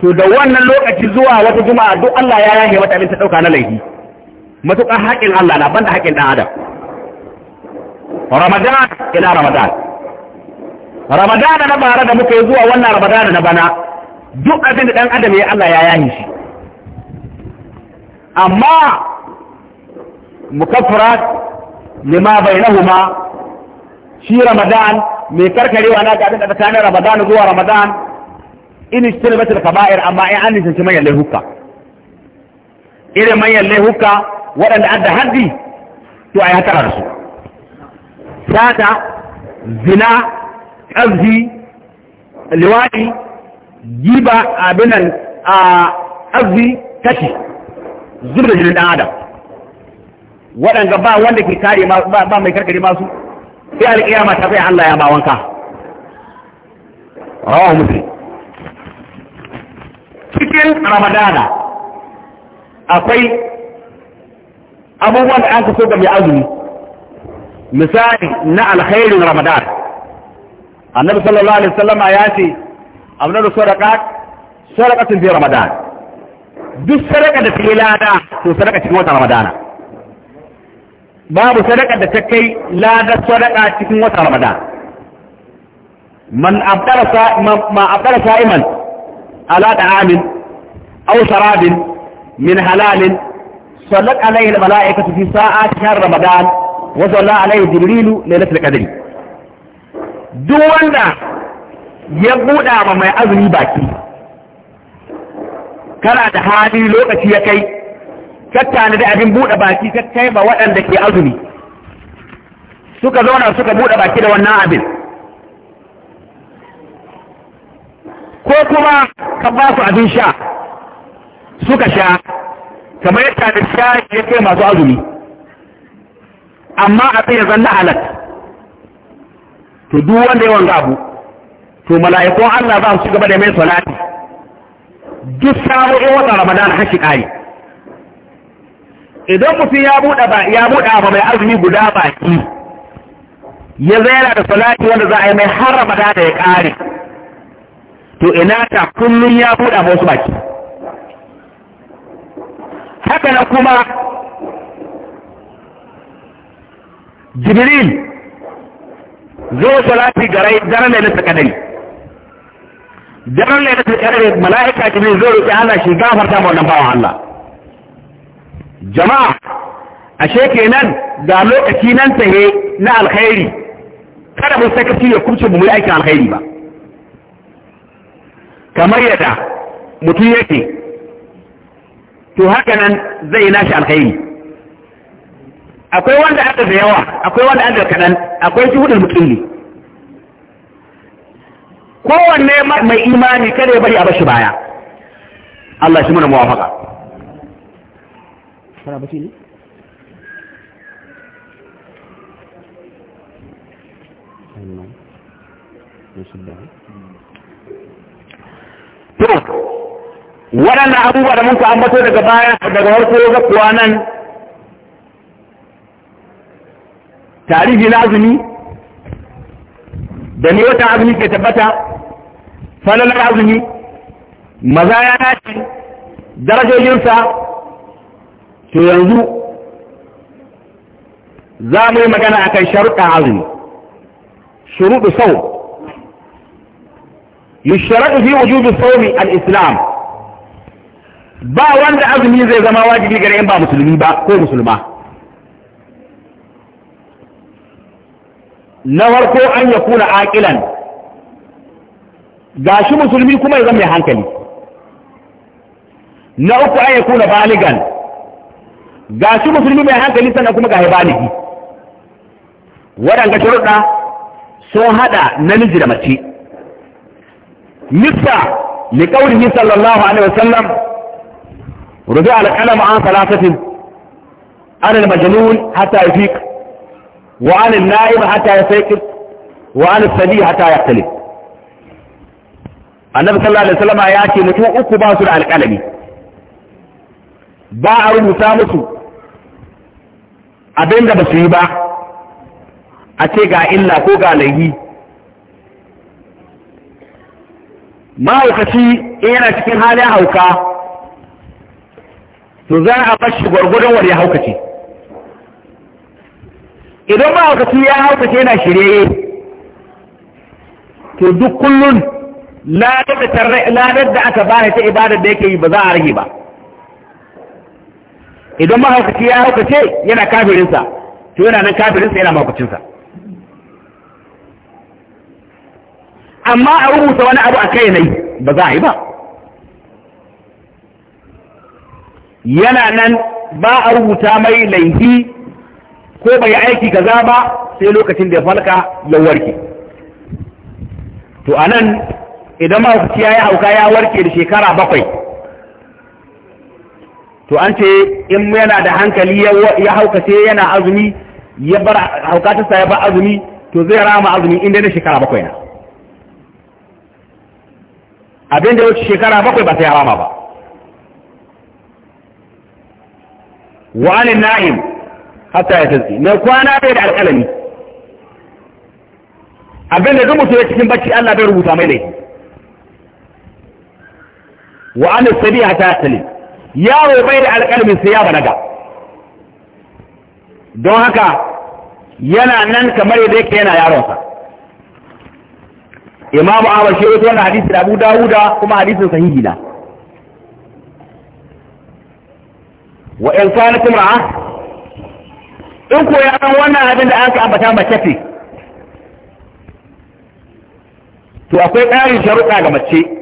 to da wannan lokaci zuwa wata juma'a duk Allah ya yahe mata abin ta dauka na laifi matuƙar haƙin Allah na banda haƙin dan adam Ramadan ila Ramadan Ramadan na bara da muka yi zuwa wannan Ramadan na bana duk abin da dan adam ya Allah ya yahe shi amma مكفرات لما بينهما في رمضان من كركري وانا قاعد اتكلم رمضان جوا رمضان ان اجتنبت الكبائر اما يعني إيه سنتمي اللي هكا اذا ما يلي هكا ولا عند حدي تو اي هتر رسول ساتا زنا قبضي لوالي جيبا ابن آه، قبضي كشي زبر جلد آدم waɗanda ba wanda ke kare ba mai karkare masu sai alƙiyama ta bai Allah ya ba wanka rawa muslim cikin ramadana akwai abubuwan da an ka so ga mai azumi misali na alkhairin ramadana annabi sallallahu alaihi wasallama ya ce da sadaka sadaka fi ramadan duk sadaka da ke lada to sadaka cikin watan ramadana babu sadaka da ta kai ladar sadaka cikin wata ramadan man abdara sa'iman ala da amin, aw sharabin min halalin sallat alaihi al-mala'ikatu fi sa'ati shahr ramadan wa salla alaihi jibrilu lailatul qadri duk wanda ya buɗa ma mai azumi baki kana da hali lokaci ya kai tattana da abin buɗe baki ta kai waɗanda ke azumi suka zauna suka buɗe baki da wannan abin ko kuma ka ba su abin sha suka sha kamar yadda da sha ya kai masu azumi amma a tsaye zan na to duk wanda yawan gabu to mala'ikun Allah za su gaba da mai salati duk samu in wata ramadan har ƙari idan mutum ya buɗa ba ya buɗa ba mai azumi guda baki ya zaira da salati wanda za a yi mai har da ya ƙare to ina ta kullum ya buɗa ba wasu baki haka na kuma jibril zai salati garai daren lalata kadari daren lalata kadari mala'ika jibril zo roƙi Allah shi gafarta ma wannan bawan Allah jama'a ashe kenan ga lokaci nan tsaye na alkhairi kada mu sakaci ya kubce mu yi aikin alkhairi ba kamar yadda mutum yake to haka nan zai nashi alkhairi akwai wanda aka da yawa akwai wanda aka kaɗan akwai juhudul mutulli kowanne mai imani kada ya bari a bashi baya Allah shi muna muwafaka kana ne waɗannan abubuwa da muka ambato daga baya daga harko ga kuwa nan tarihi azumi da ne wata azumi ke tabbata falalar azumi maza ya nace darajojinsa to yanzu za mu yi magana a kan sharuɗa azumi shuruɗu sau yusharaɗu fi wujudu saumi al al'islam. ba wanda azumi zai zama wajibi gare in ba musulmi ba ko musulma na warko an ya kuna aƙilan ga shi musulmi kuma ya zama mai hankali na uku an ya kuna baligan ga shi musulmi mai hankali sannan kuma ga baligi waɗanda sharuɗa sun haɗa namiji da mace nisa li qawlihi sallallahu alaihi wasallam rubi al-qalam an salasatin an al-majnun hatta yafiq wa an al-na'im hatta yastayqir wa an al-sabi hatta yaqtalib annabi sallallahu alaihi wasallam ya ce mutum uku ba su da alƙalami ba a rubuta musu abin da ba su yi ba a ce ga illa ko ga laihi mahaukaci yana cikin halin hauka to za a bashi gwargwadon wani haukace. idan mahaukaci ya haukace yana shirye to duk kullum ladar da aka bani ta ibadar da yake yi ba za a rage ba idan mahaukaci ya haukace yana kafirinsa to yana nan kafirinsa yana mahaukacinsa amma a rubuta wani abu a kai nai ba za a yi ba yana nan ba a rubuta mai laifi ko bai aiki kaza ba sai lokacin da ya falka ya warke to anan idan mahaukaci ya yi hauka ya warke da shekara bakwai to an ce in yana da hankali ya haukace yana azumi ya bar haukatarsa ya bar azumi to zai rama azumi inda na shekara bakwai na abin da wuce shekara bakwai ba sai ya rama ba wa anin na'im hatta ya tazki mai kwana bai da alƙalami abin da mutum ya cikin bacci Allah bai rubuta mai laifi wa anin sabiha ta salim yaro bai da alƙalmin sai ya balaga don haka yana nan kamar yadda yake yana yaronsa imamu abu shi wato wannan hadisi da abu dawuda kuma hadisin sahihi na wa in sanakum kuma in ko ya san wannan abin da aka ambata mace ce to akwai ƙarin sharuɗa ga mace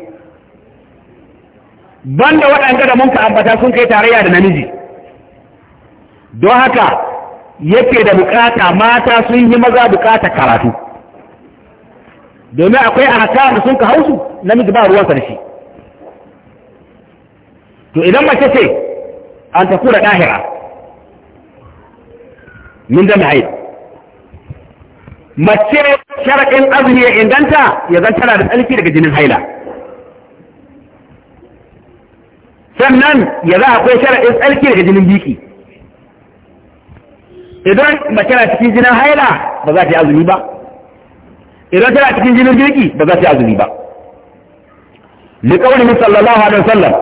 banda waɗanda da mun ka ambata sun kai tarayya da namiji don haka yake da bukata mata sun yi maza bukata karatu domin akwai ahkam da sun ka hausu namiji ba ruwansa da shi to idan mace ce an tafi da ɗahira min da mai mace sharaɗin azumi ya inganta ya zan da tsarki daga jinin haila sannan ya za akwai shara'in tsarki daga jinin biki idan ba na cikin jinin haila ba za ta yi azumi ba idan tana cikin jinin biki ba za ta yi azumi ba wani sallallahu alaihi wasallam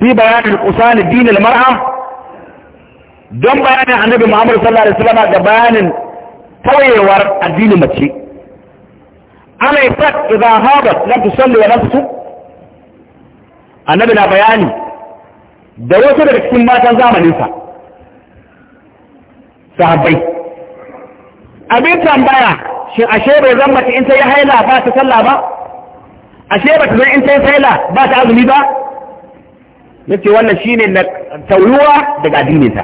fi bayanin kusan dinin mar'a don bayanin annabi muhammadu sallallahu alaihi wasallam da bayanin tauyewar addinin mace ana ifat idan habat lam tusalli wa nafsu annabi na bayani da wasu daga cikin matan zamaninsa sahabbai abin tambaya shi ashe bai zan mace in ta yi haila ba ta sallah ba ashe ba ta zan in ta yi haila ba ta azumi ba ce wannan shi ne na tauruwa daga adininsa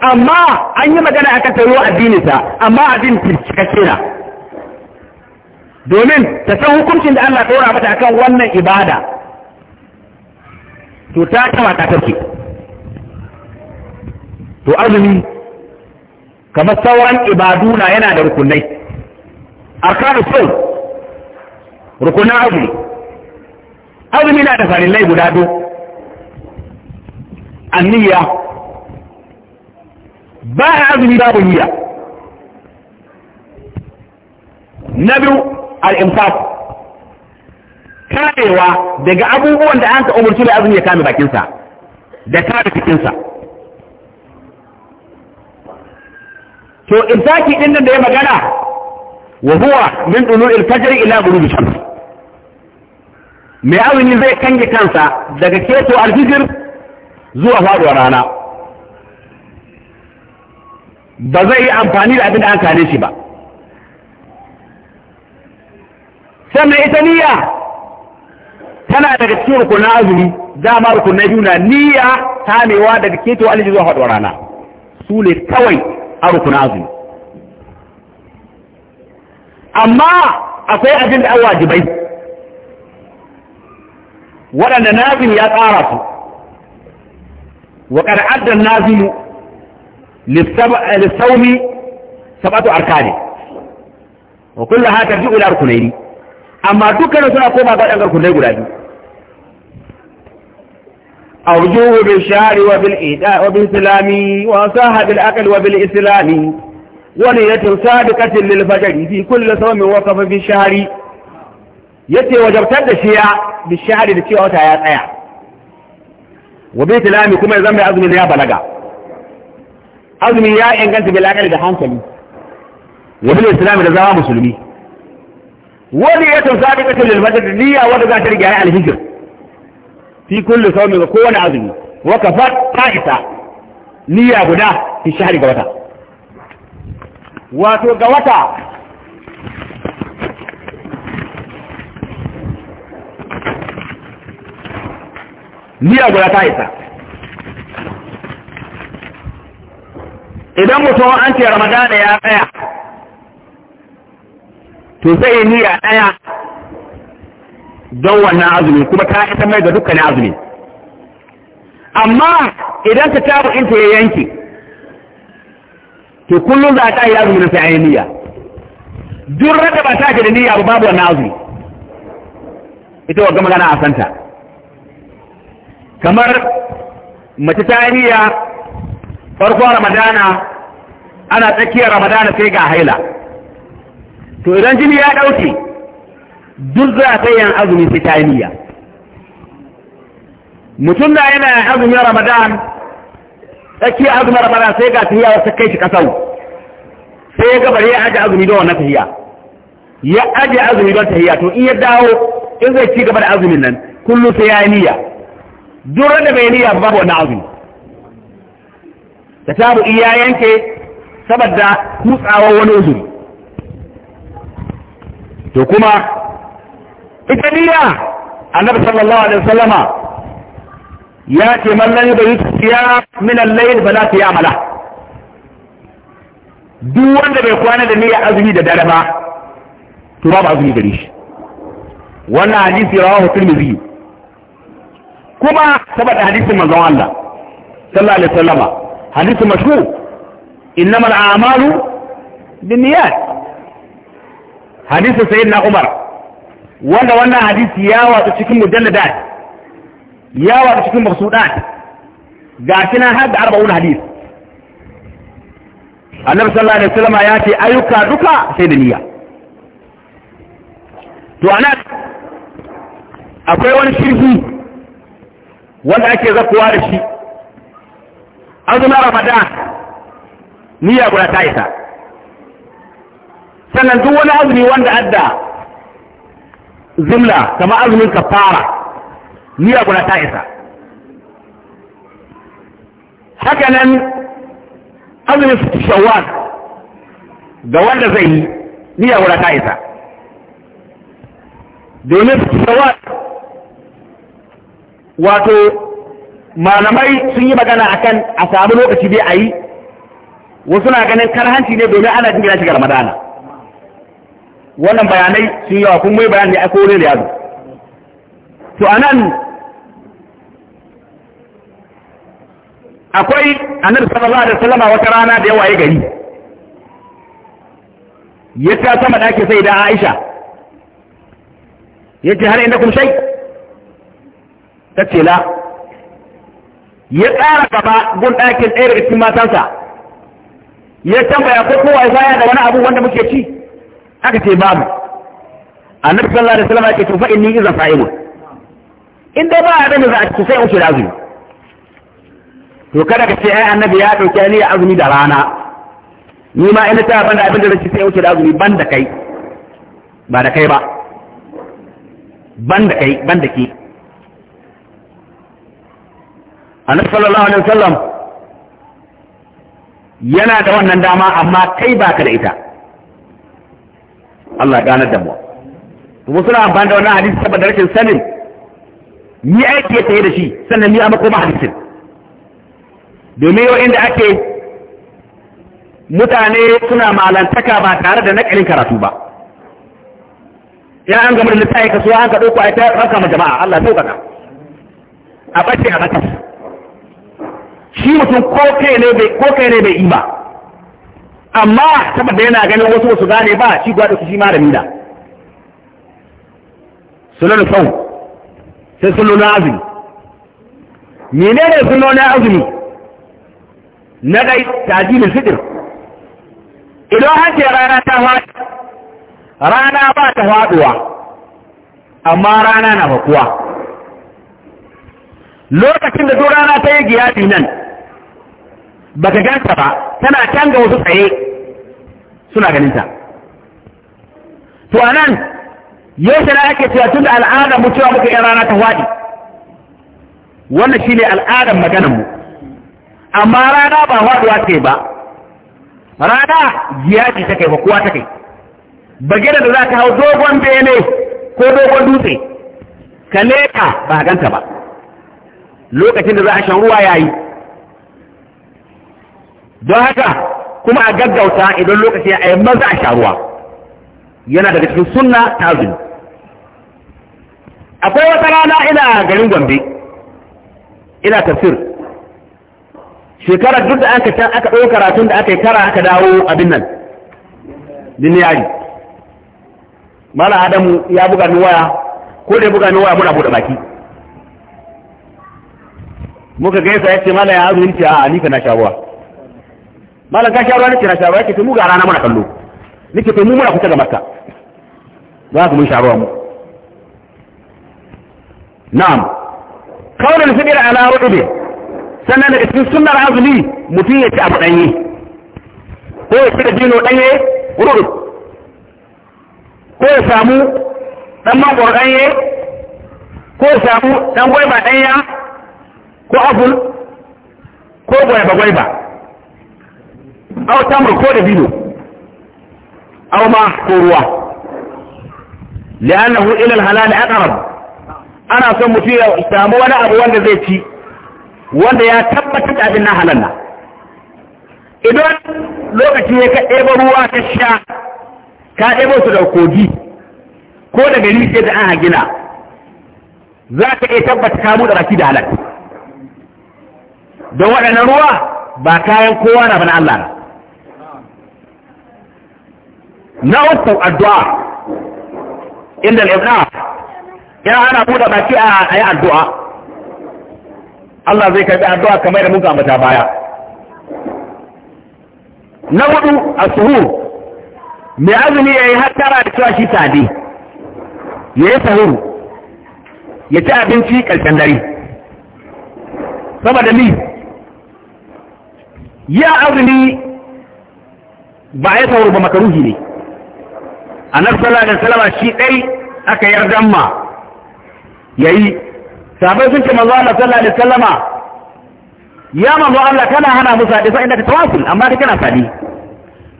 amma an yi magana kan tauruwa adininsa amma abin cikakke na domin ta san hukuncin da Allah ɗora mata akan wannan ibada to ta taba ta take to azumi kamar sauran ibaduna yana da rukunai arkanu sau rukunan azumi azumi na da farillai guda do anniya ba a azumi babu niyya na biyu al'imfaku karewa daga abubuwan da an ta umarci da azumi ya kame bakinsa da kare cikinsa to in din nan da ya magana wa huwa min dulul fajr ila ghurub shams mai azumi zai kange kansa daga keto alfijir zuwa faduwar rana ba zai yi amfani da abin da an kane shi ba sannan ita niyya tana daga cikin rukunan azumi dama na biyu na niyya samewa daga keto aliji zuwa faɗuwar rana su ne kawai a rukunan azumi amma akwai abin da an wajibai waɗanda nazim ya tsara su wa ƙar'addar nazimu lissaumi sabatu arkani wa kullum haka ji'ular kunairi amma dukkanin suna koma ga ɗan garkunai guda biyu أرجوه بالشعر وبالإيداء وبالسلام وصاحب الأقل وبالإسلام ونية سابقة للفجر في كل صوم وقف في الشعر يتي وجبتد الشيعة بالشعر التي أوتها يا قيا وبالسلام كما يزمي أظم يا بلغا أظم يا إن كنت بالأقل دحانتني وبالإسلام لزوا مسلمي ونية سابقة للفجر لي أولا ذات رجاء الهجر fi kulli sawmi ga kowane azumi wa kafat ta'ita niyya guda fi shahri ga wata wato ga wata niyya guda ta isa idan mutum an ce ramadana ya tsaya to sai niyya daya don wannan azumin kuma ta ita mai ga dukkanin azumi amma idan ta tabu inta ya yanke to kullum za ta yi azumin na an ayi duk raka ba ta da niyya ba babu wannan azumi ita wa gama gana a santa kamar mace ta niyya farkon ramadana ana tsakiyar ramadana sai ga haila to idan jini ya dauke duk za a kai yan azumi sai ta yi niyya mutum na yana yan azumin ramadan tsakiyar azumin ramadan sai ga tafiya wasu kai shi kasau sai ya gabar ya aji azumi don wannan tafiya ya aji azumi don tafiya to in ya dawo in zai ci gaba da azumin nan kullum sai ya yi niyya duk da bai niyya babu wannan azumi da tabu iya yanke saboda kutsawar wani uzuri to kuma ita niyya annabi sallallahu alaihi wasallama ya ce man lam yubayyi siyam min al-layl fala siyam la duk wanda bai kwana da niyya azumi da dare ba to babu azumi gare shi wannan hadisi rawahu tirmidhi kuma saboda hadisin manzon Allah sallallahu alaihi wasallama hadisi mashhur innamal a'malu binniyat hadisi sayyidina Umar wanda wannan hadisi ya watsa cikin mujalladat ya watsa cikin maqsudat ga kina har da 40 hadisi annabi sallallahu alaihi wasallam ya ce ayyuka duka sai da niyya to ana akwai wani shirki wanda ake zakuwa da shi azumin ramadan niyya guda ta isa sannan duk wani azumi wanda adda zumla kama azumin kafara niyya guda ta isa haka nan azumin shawwal ga wanda zai yi niyya guda ta isa domin shawwal wato malamai sun yi magana akan a samu lokaci bai a yi wasu na ganin karhanci ne domin ana jin jingina shiga ramadana wannan bayanai sun yawa kuma mai bayani a kore da yadu to anan akwai annabi sallallahu alaihi wasallama wata rana da yawa ya gari ya ta sama dake sai da Aisha yace har inda kun shai ce la ya tsara gaba gun ɗakin ɗaya daga cikin matansa ya tambaya ko kowa ya da wani abu wanda muke ci aka ce babu annabi sallah da salama yake to fa inni iza sa'imun in dai ba abin da za a ci sai wuce da azumi to kada ka ce ai annabi ya dauke ni azumi da rana ni ma ina ta banda abin da zai sai wuce da azumi ban da kai ba da kai ba ban da kai ban da ke annabi sallallahu alaihi wasallam yana da wannan dama amma kai baka da ita Allah ya da mu kuma suna amfani da wannan hadisi saboda rashin sanin ni aiki ya tafi da shi sannan ni a makoma hadisin domin yau inda ake mutane suna malantaka ba tare da nakalin karatu ba ya an gama da littafi kasuwa an ka ɗauko a ta ranka ma jama'a Allah sauka ka a ɓace a bace shi mutum ko kai ne bai yi ba amma saboda yana ganin wasu wasu gane ba shi gwada su shi ma da sunan sau sai sunan azumi menene sunan azumi na dai tajilin fitir idan an ce rana ta faɗi rana ba ta faɗuwa amma rana na fakuwa lokacin da zo rana ta yi giyafi nan baka gasa ba tana can ga wasu tsaye suna ganinta to anan yaushe na ake cewa tun da al'adar mu cewa muka yan rana ta waɗi wannan shi ne al'adar maganar mu amma rana ba waɗuwa ce ba rana giya ce ta kai kuwa ta kai Ba bagida da za ka hau dogon bene ko dogon dutse ka leka ba ganta ba lokacin da za a shan ruwa yayi don haka kuma a gaggauta idan lokaci a yi maza a sharuwa yana daga cikin sunna tazin akwai wata rana ina garin gombe ina tafsir shekarar duk da aka can aka ɗau karatun da aka yi kara aka dawo abin nan diniyari mala adamu ya buga ni waya ko da ya buga ni waya muna buɗe baki muka gaisa ya ce mala ya azumi ce a alika na shabuwa malam ka shawara nake na shawara yake mu ga rana muna kallo nake to mu muna kusa ga makka za ku mun shawara mu na'am kawai sabira ala rubi sannan da cikin sunnar azumi mutum ya ci abu danye ko ya ci da dino danye rubi ko ya samu dan mangoro danye ko ya samu dan gwaiba danya ko abul ko gwaiba gwaiba aw tamr ko da bino aw ma ko ruwa لأنه إلى الهلال أقرب ana son mutu ya samu wani abu wanda zai ci wanda ya tabbatar da abin na halanna idan lokaci ya ka ɗebo ruwa ka sha ka ɗebo su da kogi ko daga rijiya da an gina za ka iya tabbata ka buɗe baki da halal don waɗannan ruwa ba kayan kowa na bana Allah na na uku addu'a inda al'ibna yana ana buɗe baki a yi addu'a Allah zai karɓi addu'a kamar da muka ambata baya na hudu a suhur mai azumi ya yi hattara da cewa shi sadi ya yi sahuru ya ci abinci ƙarshen dare saboda ni ya azumi ba yi sahuru ba makaruhi ne A sallallahu da salama shi dai aka yardan ma yayi sahabbai sun ce manzo Allah sallallahu alaihi wasallam ya manzo Allah kana hana musa sadi fa inda tawasul amma kai kana sadi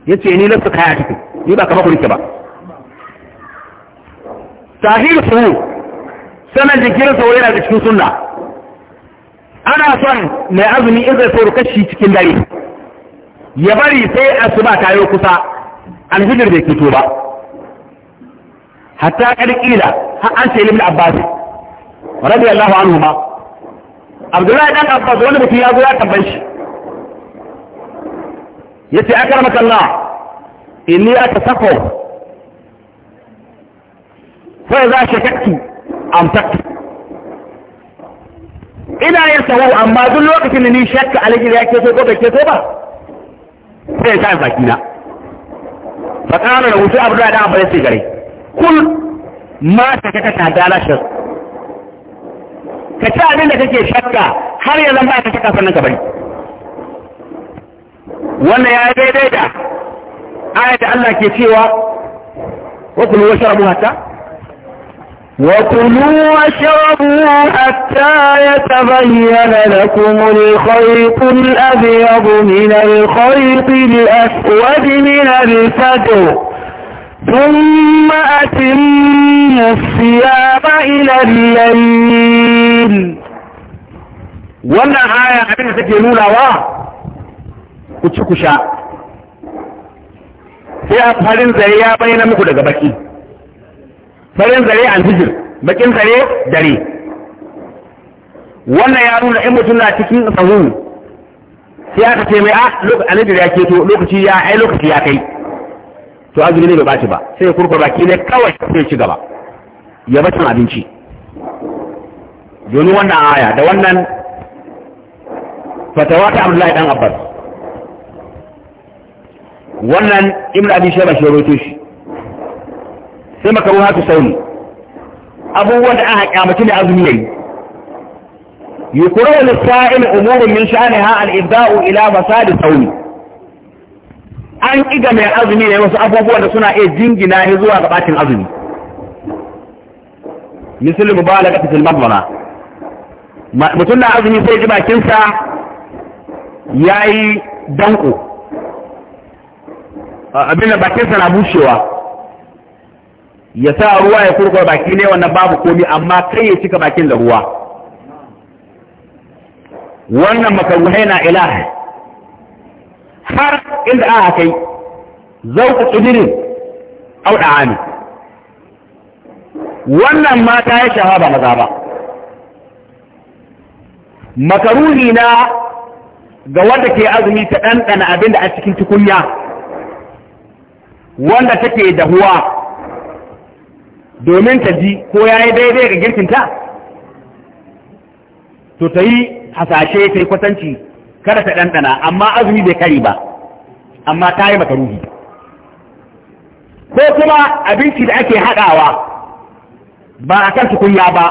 yace ni lasu kaya take ni ba kama kurke ba tahir su sanan jikirin sa yana da cikin sunna ana son mai azumi in zai sauro kashi cikin dare ya bari sai asuba tayo yi kusa alhijir ke to ba hatta kada kila har an sai ibn abbas radiyallahu anhuma abdullahi dan abbas wani mutum ya zo ya tambaye shi yace akramaka allah inni atasaqu fa idha shakaktu amtaktu ina yin sawu amma duk lokacin da ni shakka alaji ya ke so ko bai ke so ba sai ya sa baki na fa kana da wuce abdullahi dan abbas sai gare kul ma ta ka ta dalashar ka ci abin da kake shakka har yanzu ba ka shakka sannan ka bari wannan ya daidai da ayat Allah ke cewa wa kulu washrabu hatta وكلوا واشربوا حتى يتبين لكم الخيط الأبيض من الخيط الأسود من الفجر ثم أتم الصيام إلى الليل wannan aya abin da take nunawa ku ci ku sha sai a farin zare ya bayyana muku daga baki farin zare alfijir bakin zare dare wannan ya nuna in mutum na cikin sahu sai aka ce mai a ya keto lokaci ya ai lokaci ya kai to azumi ne bai baci ba sai ya kurkura baki ne kawai sai ci gaba ya bacin abinci domin wannan aya da wannan fatawa ta abdullahi dan abbas wannan ibn abi shayba shi rawaito shi sai makaru haka sauni abubuwan da aka kyamaci ne azumi yayi yukurau lissa'il umurun min sha'niha al-ibda'u ila fasadi sauni an ƙiga mai azumi ne wasu abubuwan da suna iya jingina ya zuwa ga ɓacin azumi misali mu bala ga kafin mazmana mutum na azumi sai ji bakinsa ya yi danko abinda bakinsa na bushewa ya sa ruwa ya kurkura baki ne wannan babu komi amma kai ya cika bakin da ruwa wannan makaruhai na ilahai. har inda aka kai zauku ƙidirin auɗa hannu wannan mata ya shaha ba maza ba makaruni na ga wanda ke azumi ta ɗanɗana abinda a cikin tukunya wanda take dahuwa domin ta ji ko ya yi daidai ga girkinta to ta yi hasashe ta yi kwatanci kada ta ɗanɗana amma azumi bai kari ba amma ta yi maka ruhi. ko kuma abinci da ake haɗawa ba a kan tukunya ba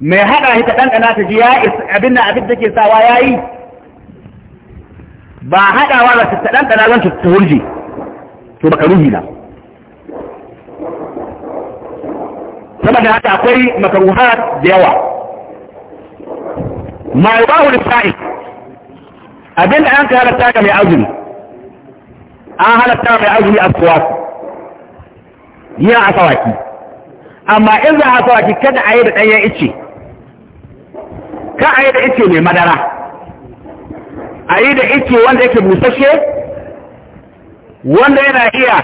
mai haɗa shi ta ɗanɗana ta ji ya abin na abin da ke sawa ya yi ba haɗawa ba ta ɗanɗana zan ta wurje to ruhi na saboda haka akwai makaruhat da yawa ma yubahu lisa'id abinda an ka halatta ga mai azumi an halatta mai azumi a suwaku yin asawaki amma in za a asawaki kada a yi da ɗanyen ice ka a yi da ice mai madara a yi da ice wanda yake busashe wanda yana iya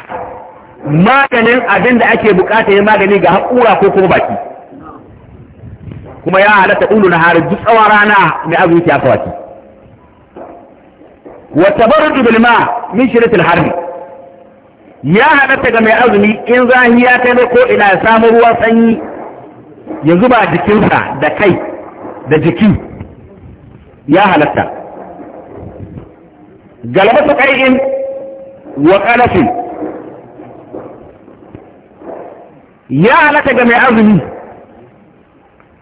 maganin abin da ake bukata ya magani ga haƙura ko kuma baki kuma ya halatta ulu na hari duk tsawon rana mai azumi ke asawaki wa tabarruju bil ma min shiratil harbi ya halatta ga mai azumi in zahi ya kai ko ina ya samu ruwa sanyi ya zuba jikinsa da kai da jiki ya halatta Galaba su kai in wa qalafin ya halatta ga mai azumi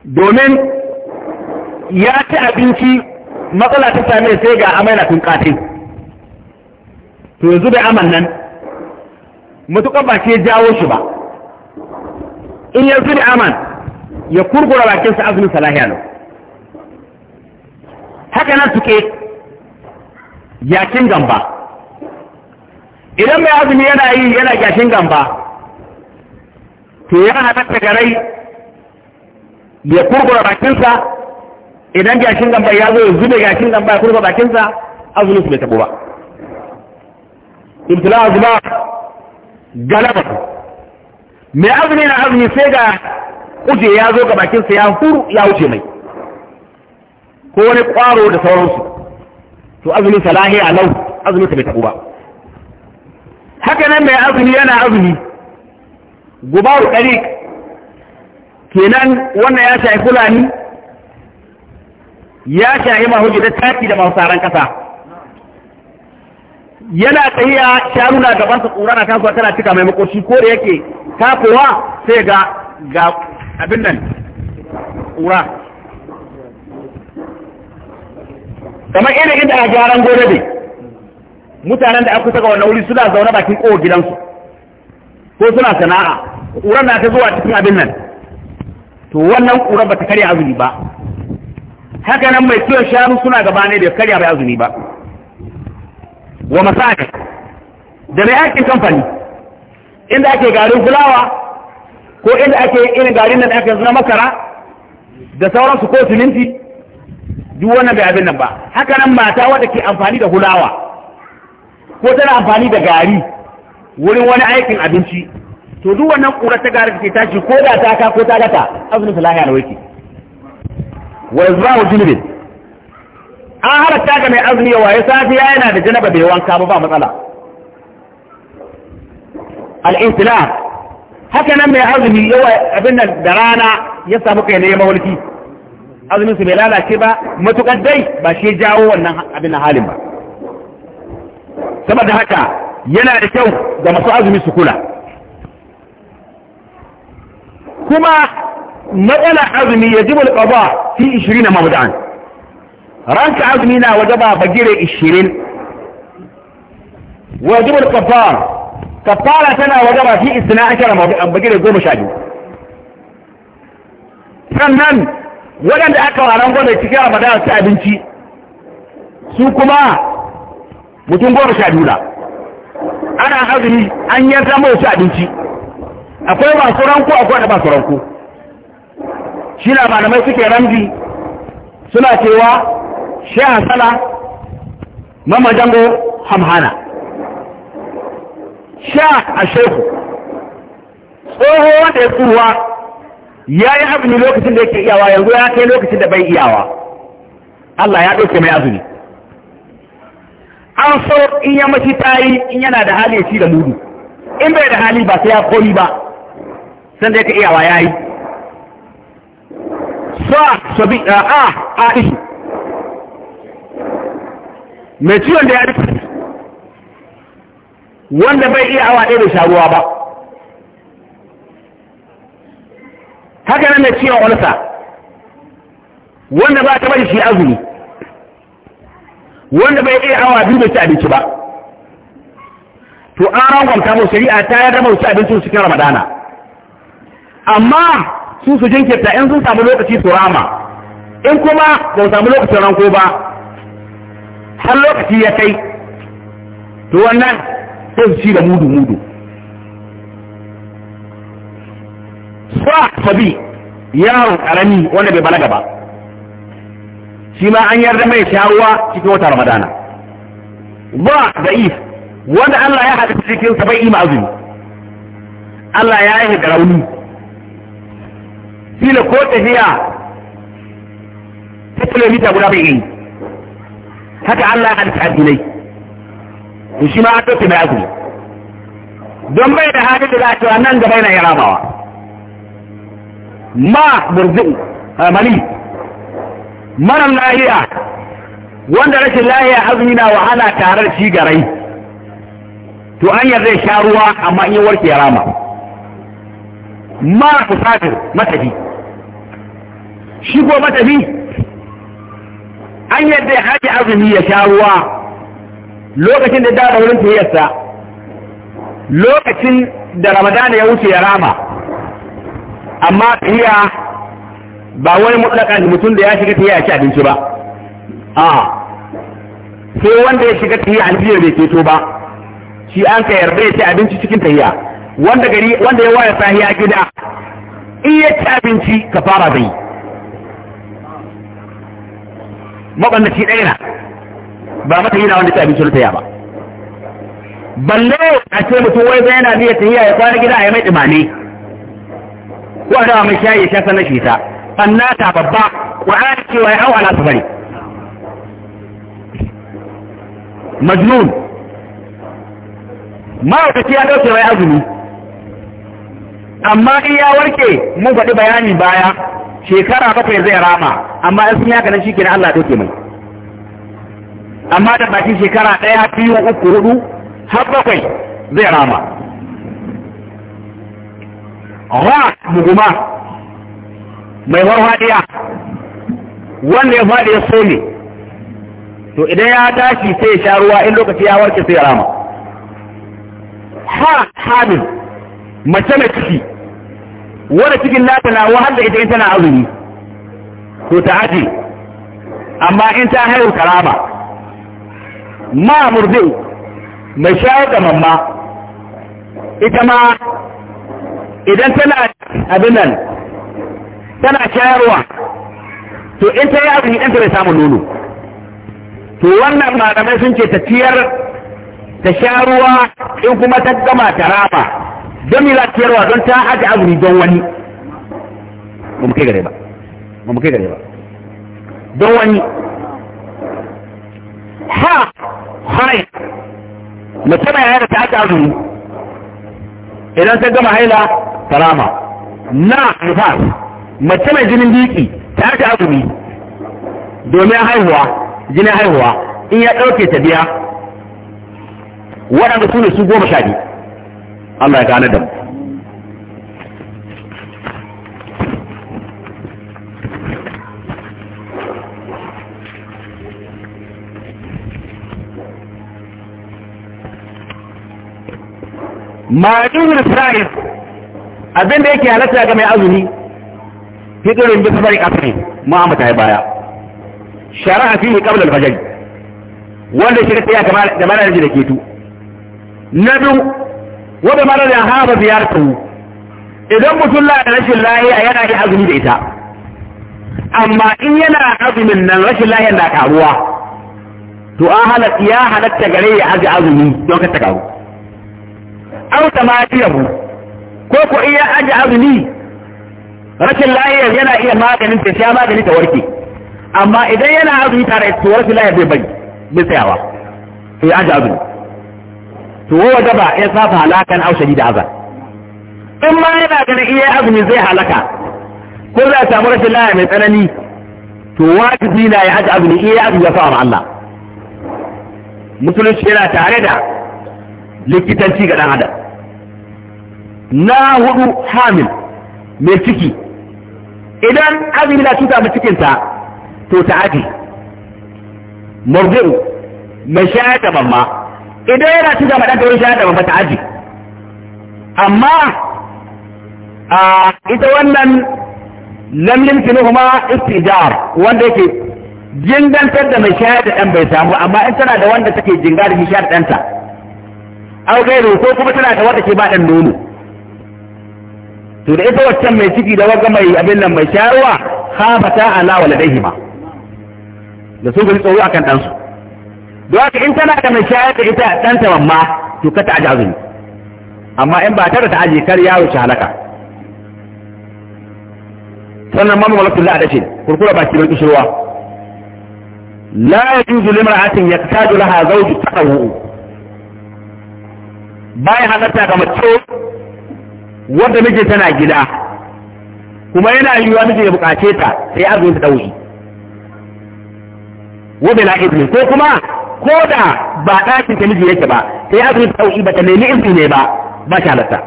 domin ya ci abinci matsala ta same sai ga amai na tunkatin to yanzu da aman nan matuƙar ba ke jawo shi ba in yanzu da aman ya bakin bakinsa azumin salahiya lau haka nan suke yakin gamba idan mai azumi yana yi yana yakin gamba to ya halatta garai ya kurkura bakinsa idan gashin gamba ya zo ya zube gashin gamba ya kurkura bakinsa azumin su bai tabo ba ibtila azuma galaba mai azumi na azumi sai ga kuje ya zo ga bakinsa ya huru ya wuce mai ko wani kwaro da sauransu to azumin sa a lau azumin sa bai tabo ba haka nan mai azumi yana azumi gubaru ɗari kenan wannan ya shahi fulani ya shahi mahujidan taki da mahusaran kasa yana tsayiya sharuna gaban sa tsura na kasuwa tana cika mai makoshi ko da yake takowa sai ga ga abin nan tsura kamar irin inda a gyaran gobe ne mutanen da aka saka wannan wuri suna zaune bakin kowa gidansu ko suna sana'a ƙuran na ta zuwa cikin abin nan to wannan ƙura ba ta karya azumi ba haka nan mai kiyon shanu suna gaba ne da karya bai azumi ba wa masani da mai aikin kamfani inda ake garin fulawa ko inda ake irin garin nan da ake zuna makara da sauransu ko siminti duk wannan bai abin nan ba haka nan mata wadda ke amfani da hulawa ko tana amfani da gari wurin wani aikin abinci to duk wannan ƙura ta gara ke tashi ko da ta ka ko ta gata azumin sa lahiya lawaki wa izra'u junubin an halatta ga mai azumi wa ya safiya yana da janaba bai wanka ba ba matsala al-insilaf haka nan mai azumi yawa abin nan da rana ya samu kai ne mawalki azumin su bai lalace ba matukar dai ba shi jawo wannan abin halin ba saboda haka yana da kyau ga masu azumi su kula kuma matsala azumi ya ji mulkaba fi ishirin na mabuda'an ranka azumi na waje ba bagire ishirin, waje mulkaba kafara tana waje ba fi 12 mabuda'an bagire biyu. sannan waɗanda aka waran gwada cikin ramadan su abinci su kuma mutum goma sha biyu ana azumi an yi zama wasu abinci akwai masu ranku akwai da su ranku shi na malamai suke ramji suna cewa shi hasala mamma jango hamhana shi a shehu tsoho wanda ya tsuruwa ya yi azumi lokacin da yake iyawa yanzu ya kai lokacin da bai iyawa Allah ya ɗauke mai azumi an so in ya tayi in yana da hali ya ci da mudu in bai da hali ba sai ya komi ba san da yake iyawa ya yi. sabi a ah, a ah, a ishi mai ciwon da ya rufe wanda bai iya awa ɗaya bai sharuwa ba haka nan mai ciwon ulsa wanda ba ta bai shi azumi wanda bai iya awa biyu bai ci abinci ba to an rangon kamo shari'a ta yi mu ci abincin cikin ramadana amma su su jinkirta in sun samu lokaci su rama in kuma ba su samu lokacin ranko ba har lokaci ya kai to wannan sai su ci da mudu-mudu sa sabi yawon karami wanda bai balaga ba shi ma an yarda mai shawuwa cikin wata ramadana ba da if wanda Allah ya haɗa cikin sabai ima azumi Allah ya yi da rauni kila ko tafiya ta kilomita guda bai yi haka Allah ya halitta addinai to shi ma an ɗauke mai azumi don bai da hadin da za a cewa nan gaba yana yarabawa ma burzin mali marar lahiya wanda rashin lahiya azumi na wahala tare da shi garai to an zai sha ruwa amma in yi warke ya rama ma kusafir matafi shi ko matafi an yadda ya haji azumi ya sha ruwa lokacin da dada wurin tafiyarsa lokacin da ramadana ya wuce ya rama amma tafiya ba wani mutlakan mutum da ya shiga tafiya ya ci abinci ba a sai wanda ya shiga tafiya alfiyar bai ceto ba shi an ka yarda ya ci abinci cikin tafiya wanda gari wanda ya waya sahiya gida in ya ci abinci ka fara bai mabannaci ɗaya na ba mata yana wanda ta abinci na taya ba balle a ce mutum wai zai yana yi tahiya ya kwana gida a yi mai ɗimane ko a dawa mai shayi ya sha sanar shi ta annata babba ƙwa'ani cewa ya hau ala su bari majnun ma'aikaci ya dauke wai azumi amma in ya warke mun faɗi bayani baya shekara bakwai zai rama amma in sun yaka nan shikenan Allah doke mai amma da bakin shekara ɗaya biyu uku hudu har bakwai zai rama ra muguma mai warwadiya wanda ya faɗi ya so ne to idan ya tashi sai ya sha ruwa in lokaci ya warke sai ya rama ha hamil mace mai ciki wanda cikin nata na da ita in tana azumi to ta aji amma in ta haihu karama ma murdi mai shayar da mamma ita ma idan tana abin nan tana shayarwa to in ta yi azumi ta bai samu nono to wannan malamai sun ce ta ciyar ta sha ruwa in kuma ta gama ta don me za ta ciyarwa don ta aje azumi don wani ba mu kai gare ba ba mu kai gare ba don wani ha harai mace mai yaya da ta aje azumi idan ta gama haila salama na nifas mace mai jinin biki ta aje azumi domin haihuwa jinin haihuwa in ya ɗauke ta biya waɗanda su ne su goma sha biyu Allah ya gane da mu ma'ajin sa'id abin da yake halatta ga mai azumi hidirin bisa bari ma'amma ta yi baya shara'a fihi qabla al Fajari, wanda shi ya kama da mana da ke tu na biyu wadda ba ya haɓa ziyartu idan mutum na da rashin lahiya yana yi azumi da ita amma in yana azumin nan rashin lahiya na karuwa to an halatta ya halatta gare ya aji azumi don ka ta karu an samariyahu ko ko iya aji azumi rashin lahiya yana iya maganin ta sha maganin ta warke amma idan yana azumi tare da rashin lahiya bai bari bai tsayawa sai aji azumi to waje ba ya sa halakan au shadida azab in ma yana ganin iya azumi zai halaka ko za a samu rashin laya mai tsanani to wajibi na ya haji azumi iya azumi ya fara Allah musulunci yana tare da likitanci ga dan adam na hudu hamil mai ciki idan azumi na cuta mai cikinta to ta aji murji'u mai shayar da mamma idan yana ci ma ɗan wurin shahada ba ta aji amma a ita wannan lamlin kuma istijar wanda yake jingantar da mai shahada ɗan bai samu amma in tana da wanda take jinga da shahada ɗanta au gairu ko kuma tana da wanda ke ba ɗan nono to da ita waccan mai ciki da wanga mai abin nan mai shayarwa khafata ala waladayhima da su ga tsoro akan ɗansu don haka in tana da mai shayar da ita ɗanta mamma to ka ta aji azumi amma in ba tara da aji kar yaro ci halaka sannan mamu malakul la'a dace kurkura baki don kishirwa la yajuzu limra'atin yaktaju laha zawju taqawu bayan halatta ga mace wanda nake tana gida kuma yana yiwuwa nake ya bukace ta sai azumin ta dauki wa bila ko kuma ko da ba ɗakin ta miji yake ba sai azumi sauki ba ta nemi izini ne ba ba shi halatta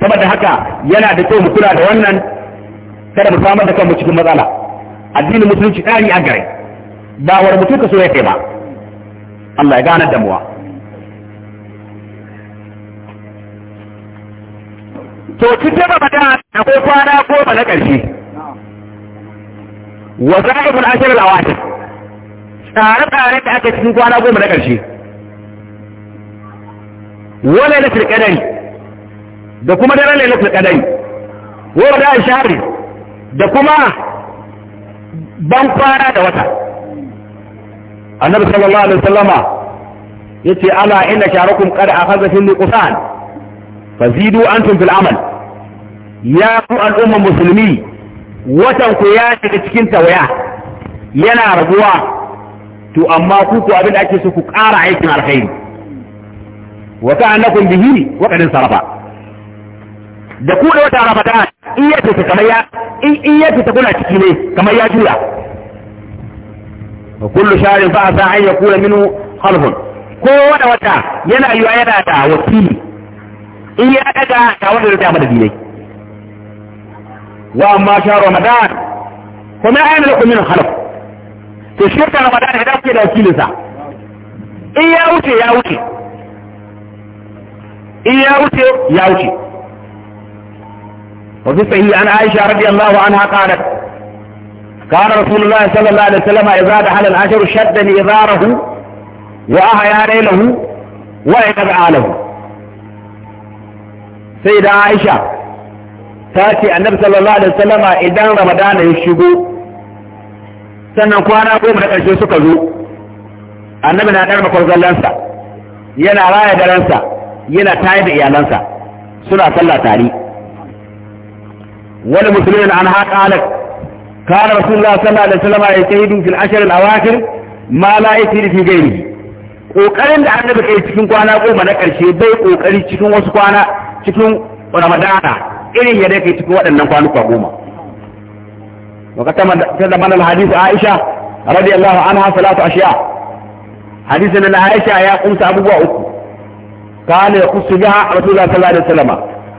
saboda haka yana da kyau mu kula da wannan kada mu samar da kanmu cikin matsala addinin musulunci tsari a gare ba war mutu ka so ya kai ba Allah ya gane damuwa to cikin ramadan akwai kwana goma na ƙarshe wa za'ibul ashirin a awatir tsare-tsare da aka cikin kwana goma na ƙarshe wani na firƙadari da kuma daren na firƙadari wadda da shahari da kuma ban kwana da wata annabi sallallahu alaihi sallama, ya ce ala inda sharakun kada a hazafin liƙusan fazidu an tun fil'amal ya ku al'umman musulmi watan ku ya shiga cikin tawaya yana raguwa to amma ku ku abin da ake so ku ƙara aikin alkhairi wa ka annakum bihi wa qad sarafa da ku da wata rafata in ya fita kamar ya in ya fita kuna ciki ne kamar ya juya wa kullu shahrin fa asa an yakuna minhu khalfun ko wata wata yana yiwa yana da wakili in ya daga ta wanda da da dinai wa amma shahru ramadan kuma ayyana lakum min khalf to shirka ramadan ya dace da wakilinsa in ya wuce ya wuce in ya wuce ya wuce وفي الصحيح عن عائشة رضي الله عنها قالت كان رسول الله صلى الله عليه وسلم إذا دخل العشر شد إذاره وأحيا ليله وإذا بعاله سيدة عائشة تأتي النبي صلى الله عليه وسلم إذا رمضان يشبه sannan kwana goma na ƙarshe suka zo annabi na ɗarma kwarzallansa yana raya daransa yana tayar da iyalansa suna sallah tare wani musulmin an haƙa alak kana rasulullah sallah da salama ya tahidu fil ashirin a wakil ma la yatiru fi ghairihi ƙoƙarin da annabi kai cikin kwana goma na ƙarshe bai ƙoƙari cikin wasu kwana cikin ramadana irin ya dai kai cikin waɗannan kwanuka goma وقد تضمن الحديث عائشة رضي الله عنها ثلاث أشياء حديث أن عائشة يا قمت أبو أكو كان يقص بها رسول الله صلى الله عليه وسلم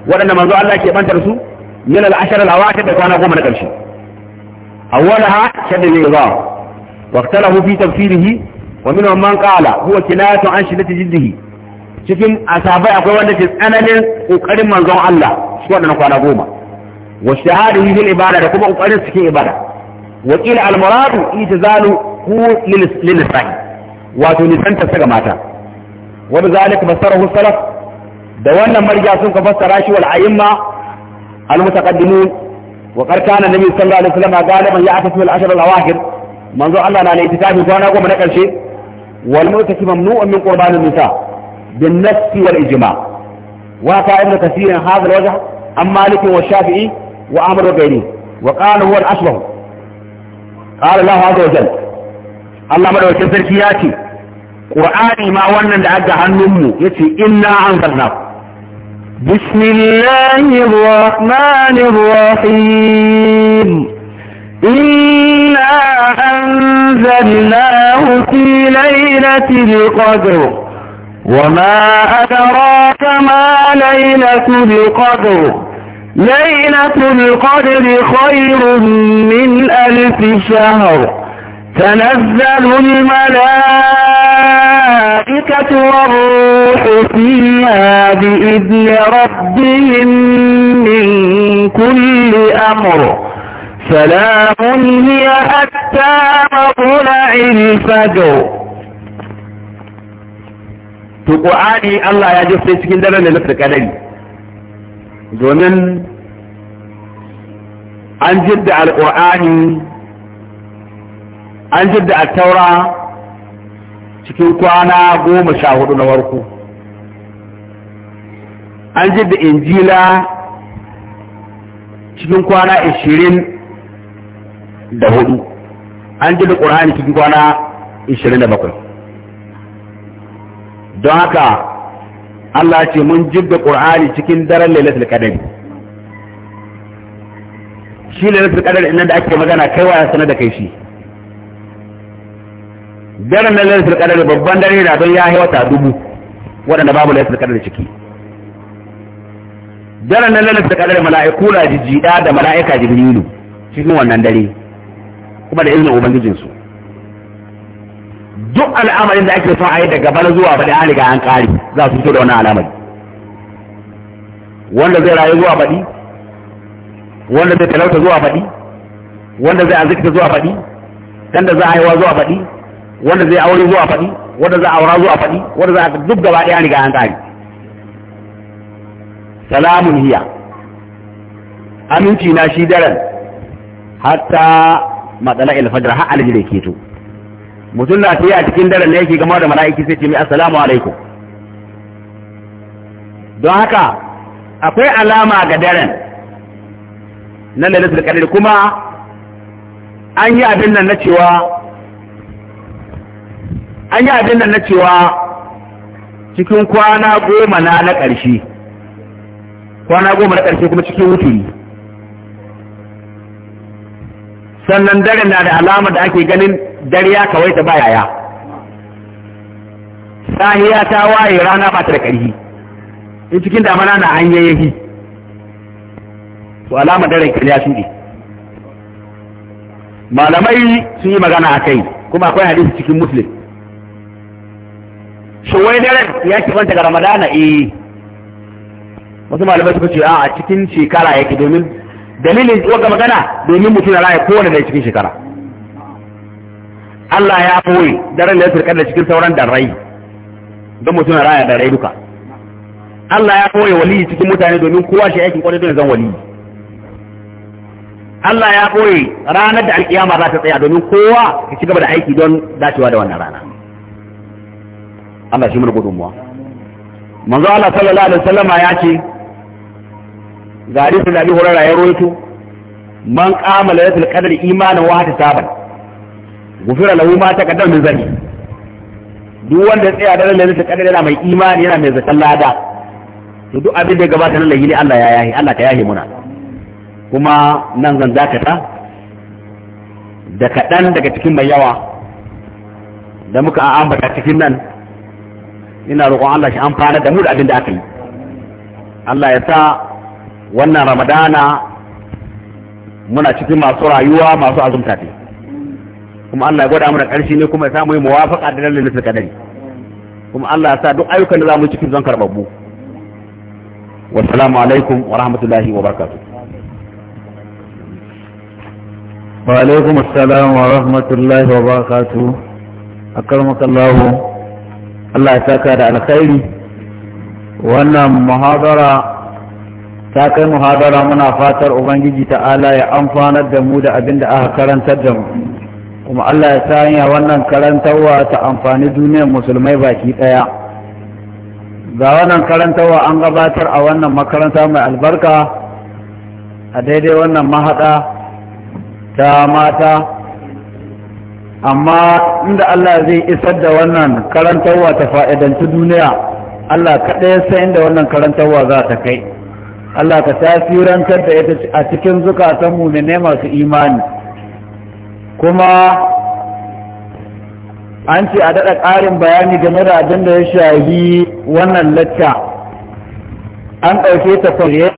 وأن من ذو الله كيف أنت رسول من العشر الأواخر كان أقوم من الشيء أولها شد الإغضاء واختلفوا في تفسيره ومنهم من قال هو كناية عن شدة جلده cikin asabai akwai wanda ke tsananin ƙoƙarin manzon Allah shi waɗanda kwana goma واجتهاده في العبادة لكم أقرن سكي عبادة وقيل المراد إتزال هو للسعي وتنسان تسكى ماتا وبذلك فسره السلف دوانا مرجع سنك فسر والعيمة المتقدمون وقد كان النبي صلى الله عليه وسلم غالبا يعتكف العشر الأواخر منذ الله أنا الاعتكاف كان أقوم نقل شيء والمؤتك ممنوع من قربان النساء بالنفس والإجماع وقع ابن كثير هذا الوجه عن مالك والشافعي وامر وغيره وقال هو الأشبه قال الله عز وجل الله مره كثير ياتي قرآني ما ونن دعاك هنمو يتي إنا أنزلناه بسم الله الرحمن الرحيم إنا أنزلناه في ليلة القدر وما أدراك ما ليلة القدر ليلة القدر خير من ألف شهر تنزل الملائكة والروح فيها بإذن ربهم من كل أمر سلام هي حتى مطلع الفجر to ƙwa'ani Allah ya jefe cikin daren da nufin kadari domin an jidda al'ur'ani an jidda a taura cikin kwana goma sha hudu na warko an jidda injila cikin kwana ashirin da hudu an jidda ƙur'ani cikin kwana ashirin da bakwai don haka Allah ce mun jibda Qur'ani cikin daren Lailatul Qadr shi Lailatul Qadr inda da ake magana kai wa sanar da kai shi daren Lailatul Qadr babban dare na don ya wata dubu waɗanda babu Lailatul Qadr ciki daren Lailatul Qadr mala'iku na jijjida da mala'ika Jibrilu cikin wannan dare kuma da izinin ubangijinsu duk al'amarin da ake son a yi daga bana zuwa baɗi an riga an ƙari za su fito da wani al'amari wanda zai rayu zuwa baɗi wanda zai talauta zuwa baɗi wanda zai azikta zuwa baɗi wanda zai haihuwa zuwa baɗi wanda zai aure zuwa faɗi wanda zai aura zuwa faɗi wanda zai a duk gaba ɗaya riga an ƙari salamun hiya aminci na shi daren hatta matsala ilfajar har da ke to mutum na tafiya a cikin daren ne yake gama da mala'iki sai ce mai assalamu alaikum don haka akwai alama ga daren na da qadr kuma an yi abin nan na cewa an yi abin nan na cewa cikin kwana goma na na ƙarshe kwana goma na ƙarshe kuma cikin wuturi sannan daren na da alama da ake ganin dare ya kawaita ba yaya sahiya ta waye rana ba ta da ƙarfi in cikin damana na an yayyahi to alama daren ya shuɗe malamai sun yi magana a kai kuma akwai hadisi cikin muslim shi wai daren ya kifanta ga ramadana eh wasu malamai suka ce a cikin shekara yake domin dalilin wanda magana domin mutum na raya kowane da cikin shekara Allah ya boye daren da ya firkar da cikin sauran darai don mutum raya darrai duka Allah ya boye waliyi cikin mutane domin kowa shi aikin kwanin zan waliyi Allah ya boye ranar da alkiyama za ta tsaya domin kowa ka ci gaba da aiki don dacewa da wannan rana Allah shi mun gudunmuwa manzo Allah sallallahu alaihi wasallam ya ce ga hadisin da bi Hurairah ya roito man qama lailatul qadri imanan wa saban gufira lahu ma ta kaddar min zani duk wanda ya tsaya daren lalata kaddar yana mai imani yana mai zakan lada to duk abin da gabata lahi ne Allah ya yahi Allah ta yahi muna kuma nan zan dakata da kaɗan daga cikin mai yawa da muka ambata cikin nan ina roƙon Allah shi amfana da mu da abin da aka yi Allah ya sa wannan ramadana muna cikin masu rayuwa masu azumta ce kuma Allah ya gwada mana ƙarshe ne kuma ya samu yi muwafaqa da dalilin lissa kadari kuma Allah ya sa duk ayyukan da zamu cikin zan wa salamu alaikum wa rahmatullahi wa barakatuh wa alaikum assalam wa rahmatullahi wa barakatuh akramakallahu Allah ya saka da alkhairi wannan muhadara ta kai muhadara muna fatar ubangiji ta'ala ya amfanar da mu da abin da aka karantar da mu kuma Allah ya sanya wannan karantarwa ta amfani duniyar musulmai baki ɗaya ga wannan karantarwa an gabatar a wannan makaranta mai albarka a daidai wannan mahaɗa ta mata amma inda Allah zai isar da wannan karantarwa ta fa'idanci duniya Allah kaɗai sai inda wannan karantarwa za ta kai Allah ka tafirantar da ita a cikin zukatan ne masu imani kuma an ce a daɗa ƙarin bayani game da abin da ya shahi wannan lacca an ɗauke ta kwaliyar